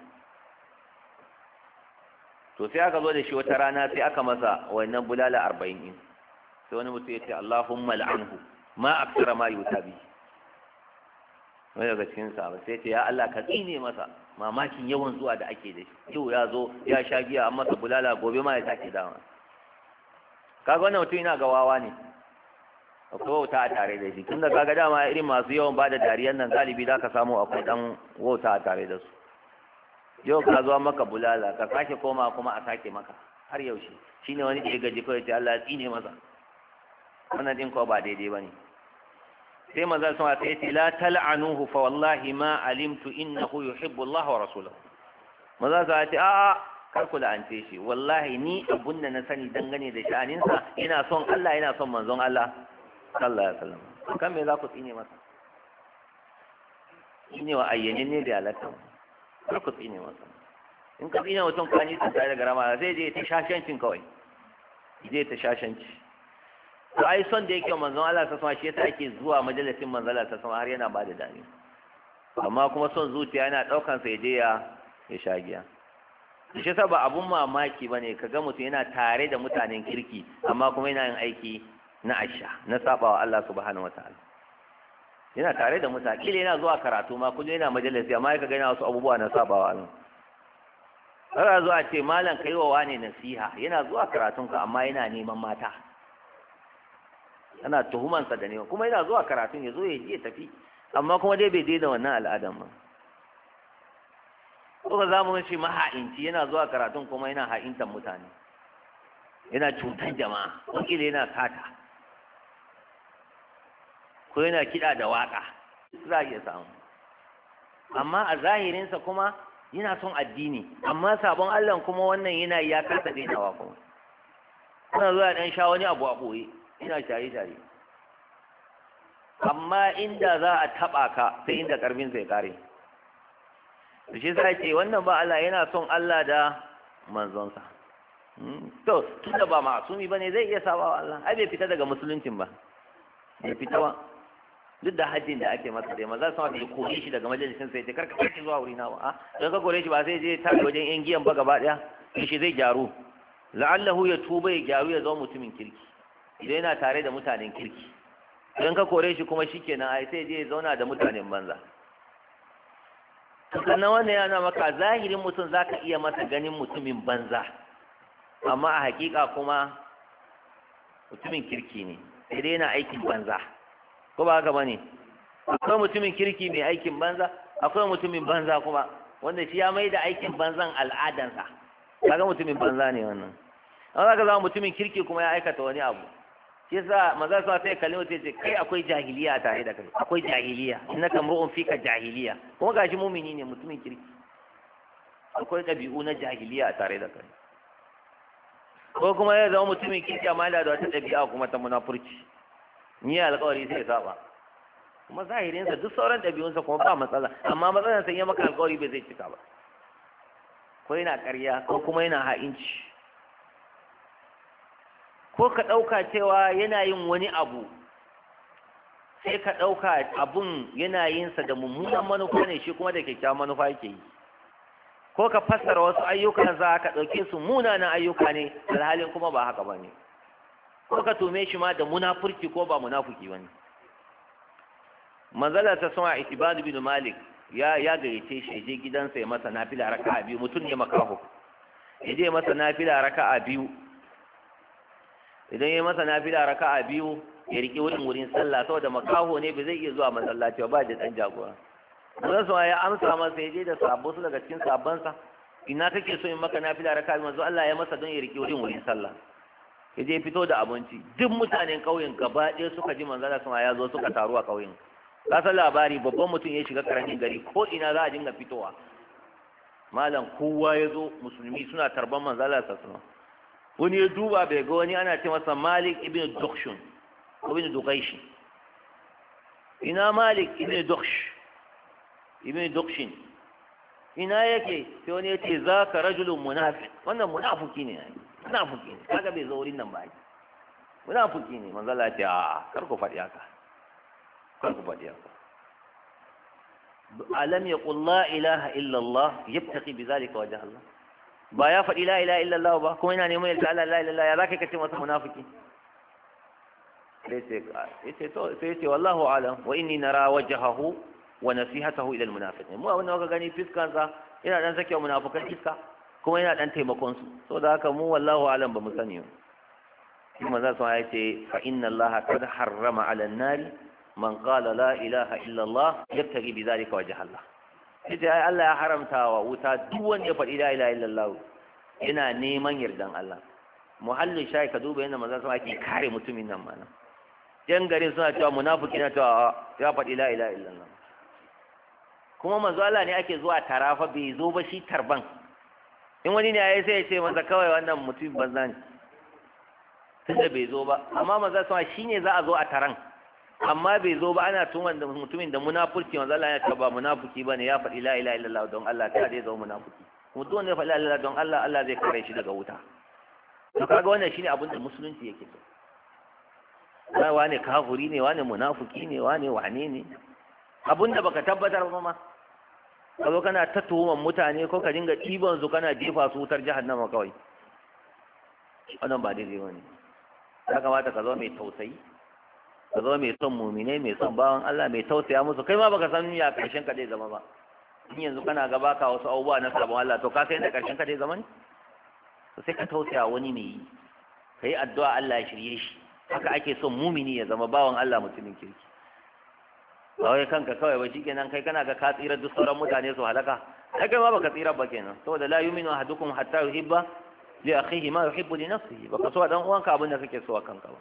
to sai aka zo da shi wata rana sai aka masa wannan bulala arba'in in sai wani mutum ya ce Allahumma la'anhu ma aksara ma yuta bi wani daga cikin sa sai ce ya Allah ka tsine masa mamakin yawan zuwa da ake da shi yau ya zo ya sha giya an masa bulala gobe ma ya sake dama kaga wannan mutum yana ga wawa ne akwai wauta a tare da shi tunda kaga dama irin masu yawan bada dariyar nan galibi za ka samu akwai dan wauta a tare da su yau ka zo maka bulala ka sake koma kuma a sake maka har yaushe shine wani da ya gaji kawai ce Allah ya tsine masa wannan din ko ba daidai bane sai manzon sama sai ce la tal'anuhu fa wallahi ma alimtu innahu yuhibbu Allah wa rasulahu manzon sama ce a kar ku la'ance shi wallahi ni abun da na sani dangane da sha'aninsa ina son Allah ina son manzon Allah sallallahu alaihi wasallam kan me za ku tsine masa shine wa ayyane ne da alaka kar ku masa in ka tsina mutum ka sun tare daga rama zai je ta shashancin kawai zai ta shashanci to ai son da yake manzon Allah ta sama shi yasa ake zuwa majalisin manzon Allah ta sama har yana ba da dani amma kuma son zuciya yana daukan sa je ya ya sha giya shi yasa ba abun mamaki bane kaga mutum yana tare da mutanen kirki amma kuma yana yin aiki na asha na sabawa Allah subhanahu wataala yana tare da mutane kila yana zuwa karatu ma kullum yana majalisi amma ya kaga yana wasu abubuwa na sabawa nan Kara zuwa ce malam kai wa wane nasiha yana zuwa karatunka amma yana neman mata ana sa da neman kuma yana zuwa karatun ya zo ya je tafi amma kuma dai bai daina wannan al'adan ba kuma za mu shi maha'inci yana zuwa karatun kuma yana ha'intan mutane yana cutar jama'a wakili yana kata. ko yana kiɗa da waƙa za a iya samu amma a zahirinsa kuma yana son addini amma sabon Allah kuma wannan yana ya kasa dainawa kuma kuna zuwa ɗan sha wani abu a ɓoye ina shari shari amma inda za a taɓa ka sai inda ƙarfin sai da shi sai ce wannan ba Allah yana son Allah da manzonsa hmm, to tunda ba masumi ne, zai iya sabawa Allah ai bai fita daga musuluncin ba bai fita ba duk da hajjin da ake masa dai maza sama da koyi shi daga majalisin sai ce karka karki zuwa wuri na a don ah. ka kore shi ba sai je ta wajen yan giyan ba gaba daya shi zai gyaru la'allahu ya tuba ya gyaru ya zama mutumin kirki idan yana tare da mutanen kirki don ka kore shi kuma shi kenan ai sai je ya zauna da mutanen banza sannan wannan yana maka zahirin mutum zaka iya masa ganin mutumin banza amma a hakika kuma mutumin kirki ne sai dai yana aikin banza ko ba haka bane akwai mutumin kirki mai aikin banza akwai mutumin banza kuma wanda shi ya mai da aikin banzan al'adansa kaga mutumin banza ne wannan amma zaka zama mutumin kirki kuma ya aikata wani abu shi yasa maza sa sai kalli mutum ce kai akwai jahiliya tare da kai akwai jahiliya innaka mru'un fika jahiliya kuma gashi mumini ne mutumin kirki akwai ɗabi'u na jahiliya tare da kai ko kuma ya zama mutumin kirki amma da wata ɗabi'a kuma ta munafurci Ni ya alƙawari sai ya saba kuma zahirinsa duk sauran ɗabi'unsa kuma ba matsala amma matsalar sai ya maka alƙawari bai zai cika ba ko yana ƙarya ko kuma yana ha'inci ko ka ɗauka cewa yana yin wani abu sai ka ɗauka abun yana yinsa da mummunan manufa ne shi kuma da kyakkyawan manufa yake yi ko ka fassara wasu ayyukan za ka ɗauke su munanan ayyuka ne alhalin kuma ba haka ba ne ko ka tume shi ma da munafurki, ko ba munafuki ba ne manzala ta sama itibadu bin malik ya ya gayyace shi je gidansa ya masa nafila raka'a biyu mutum ne makaho ya je masa nafila raka'a biyu idan ya masa nafila raka'a biyu ya riƙe wurin wurin sallah saboda makaho ne ba zai iya zuwa masallaci ba da dan jagora manzon sama ya amsa masa ya je da sabo su daga cikin sabansa ina kake so in maka nafila raka'a biyu manzo Allah ya masa don ya riƙe wurin wurin sallah ya je fito da abinci duk mutanen ƙauyen gaba ɗaya suka ji manzala sama ya zo suka taru a ƙauyen san labari babban mutum ya shiga karamin gari ko ina za a dinga fitowa malam kowa ya zo musulmi suna tarban manzala sassana wani ya duba bai ga wani ana ce masa malik ibn dukshun ibn dukaishi ina malik ibn duksh ibn dukshin ina yake sai wani ya ce za ka rajulun munafiq wannan munafuki ne munafiki ne kaga bai zo wurin nan ba ai munafiki ne manzo Allah ya ce a kar ku faɗi haka kar ku faɗi haka alam yaqul la ilaha illa Allah yabtaqi bidhalika wajha Allah ba ya faɗi la ilaha illa Allah ba kuma yana neman yalta Allah la ilaha ya zaka kace masa munafiki sai to sai ce wallahu alam wa inni nara wajhahu wa nasihatahu ila almunafiqin mu wannan ga gani fiskansa yana dan sakewa munafikan fiska kuma yana dan taimakon su saboda haka mu wallahu alam ba mu sani ba kuma za su ya ce fa inna Allah qad harrama ala an-nari man qala la ilaha illa Allah yabtaghi bi dhalika wajha Allah yace ai Allah ya haramta wa wuta duk wanda ya faɗi la ilaha illa Allah yana neman yardan Allah muhallin shayi ka duba yadda maza su ake kare mutumin nan ma nan yan garin suna cewa munafiki na cewa ya faɗi la ilaha illa Allah kuma manzo Allah ne ake zuwa tarafa bai zo ba shi tarban in wani ne yi sai ya ce masa kawai wannan mutum banza ne tunda bai zo ba amma manzo sama ne za a zo a taron. amma bai zo ba ana tun wanda mutumin da munafurci manzo Allah ya ba ne ya faɗi la ila illallah don Allah ta zai zo munafiki mutum ne faɗi la ila don Allah Allah zai kare shi daga wuta to kaga wannan shine abin da musulunci yake so wai wane kafuri ne wane munafurki ne wane wane ne abin da baka tabbatar ba ma ka zo kana ta tuhuman mutane ko ka dinga ɗiban su kana jefa su wutar jahannama kawai wannan ba daidai wani ya kamata ka zo mai tausayi ka zo mai son mumine mai son bawan Allah mai tausaya musu kai ma baka san ya karshen ka dai zama ba in yanzu kana gaba ka wasu abubuwa na sabon Allah to ka sai da karshen ka dai zama ne to sai ka tausaya wani mai yi kai addu'a Allah ya shirye shi haka ake son mumini ya zama bawan Allah mutumin kirki ba wai kanka kawai ba shikenan kai kana ga ka tsira duk sauran mutane su halaka kai kai ma baka tsira ba kenan saboda la yuminu ahadukum hatta yuhibba li akhihi ma yuhibbu li nafsihi baka so dan uwanka abin da kake so a kanka ba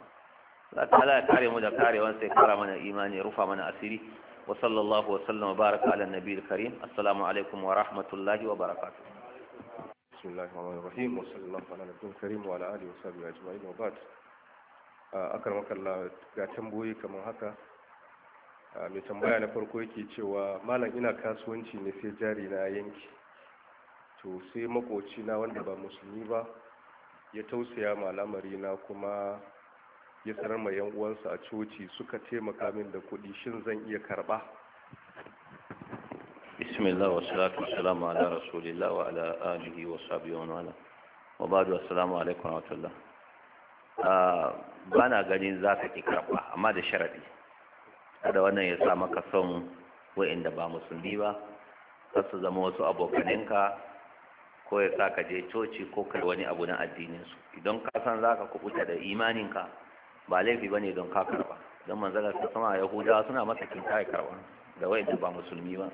Allah ta'ala ya kare mu da karewan sai kara mana imani rufa mana asiri wa sallallahu wa sallama baraka ala nabiyil karim assalamu alaikum wa rahmatullahi wa barakatuh بسم الله الرحمن الرحيم وصلى الله على نبينا الكريم وعلى اله وصحبه اجمعين وبعد اكرمك الله ga tamboyi kamar haka mai tambaya na farko yake cewa malam ina kasuwanci ne sai jari na yanki to sai makoci na wanda ba musulmi ba ya tausaya malamari na kuma ya sanar ma yan uwansa a coci suka taimaka min da kuɗi shin zan iya karba bismillah wa salatu ala rasulillah wa ala alihi wa sahbihi wa wa ba'du assalamu alaikum wa rahmatullah ah, ba na ganin zaka ki karɓa amma da sharadi kada wannan ya sa maka son wa'inda ba musulmi ba kar su zama wasu abokaninka ko ya sa ka je coci ko kai wani abu na addininsu idan ka san za ka kubuta da imaninka ba laifi ba ne don ka karba don manzalar ta sama yahudawa suna masa kinta ya karba da wa'inda ba musulmi ba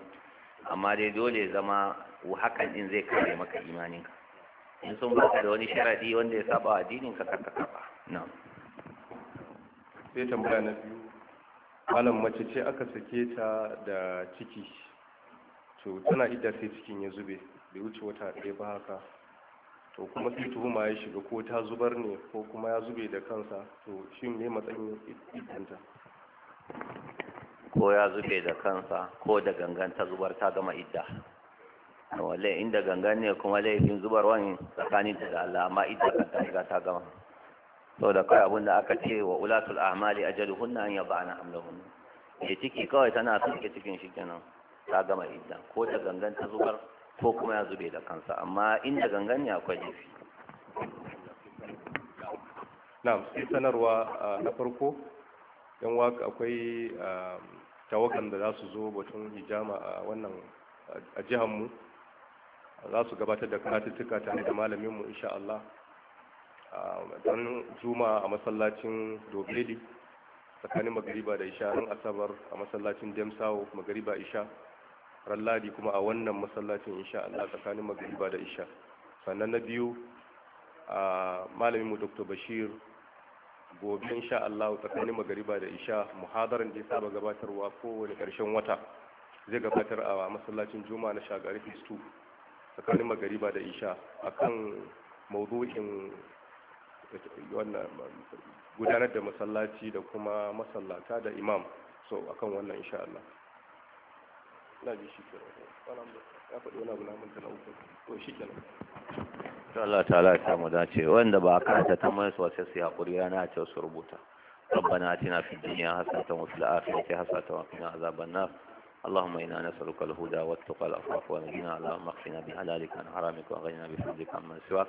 amma dai dole zama hakan din zai kare maka imaninka in sun baka da wani sharadi wanda ya saba addininka ka karba na'am sai tambaya na biyu malam mace ce aka sake ta da ciki to tana idda sai cikin ya zube bai wuce wata ɗaya ba haka to kuma sai tuhuma ya shiga ko ta zubar ne ko kuma ya zube da kansa to shi ne matsayin iddanta ko ya zube da kansa ko da gangan ta zubar ta gama idda wale inda gangan ne kuma laifin zubarwan tsakanin da Allah amma idda kan ta gama sau da kai abin da aka ce wa ulatul amali ajaluhunna an yada'na hamlahunna ya ciki kawai tana suke cikin shi kenan ta gama idan ko ta gangan ta zubar ko kuma ya zube da kansa amma inda gangan ya akwai jifi na'am sai sanarwa na farko yan waka akwai tawakan da za su zo batun hijama a wannan a jihar mu za su gabatar da karatuttuka tare da malamin mu insha Allah don juma a masallacin dobedi tsakanin magariba da isha ran asabar a masallacin demsawo magariba isha ran ladi kuma a wannan masallacin insha Allah tsakanin magariba da isha sannan na biyu a malamin mu dr bashir gobe insha Allah tsakanin magariba da isha muhadaran da ya saba gabatarwa kowane karshen wata zai gabatar a masallacin juma'a na shagari 2 tsakanin magariba da isha akan maudu'in wannan gudanar da masallaci da kuma masallata da imam so akan wannan insha Allah na ji shi ke ya faɗi wani abu na manta na uku to shi ke nan Allah ta'ala ya samu dace wanda ba karanta ta mai sosai su hakuri yana ce su rubuta ربنا اتنا في الدنيا حسنة وفي الآخرة حسنة وقنا عذاب النار اللهم إنا نسألك الهدى والتقى والعفاف ونجنا اللهم اغفنا بحلالك عن حرامك وغننا بفضلك عمن سواك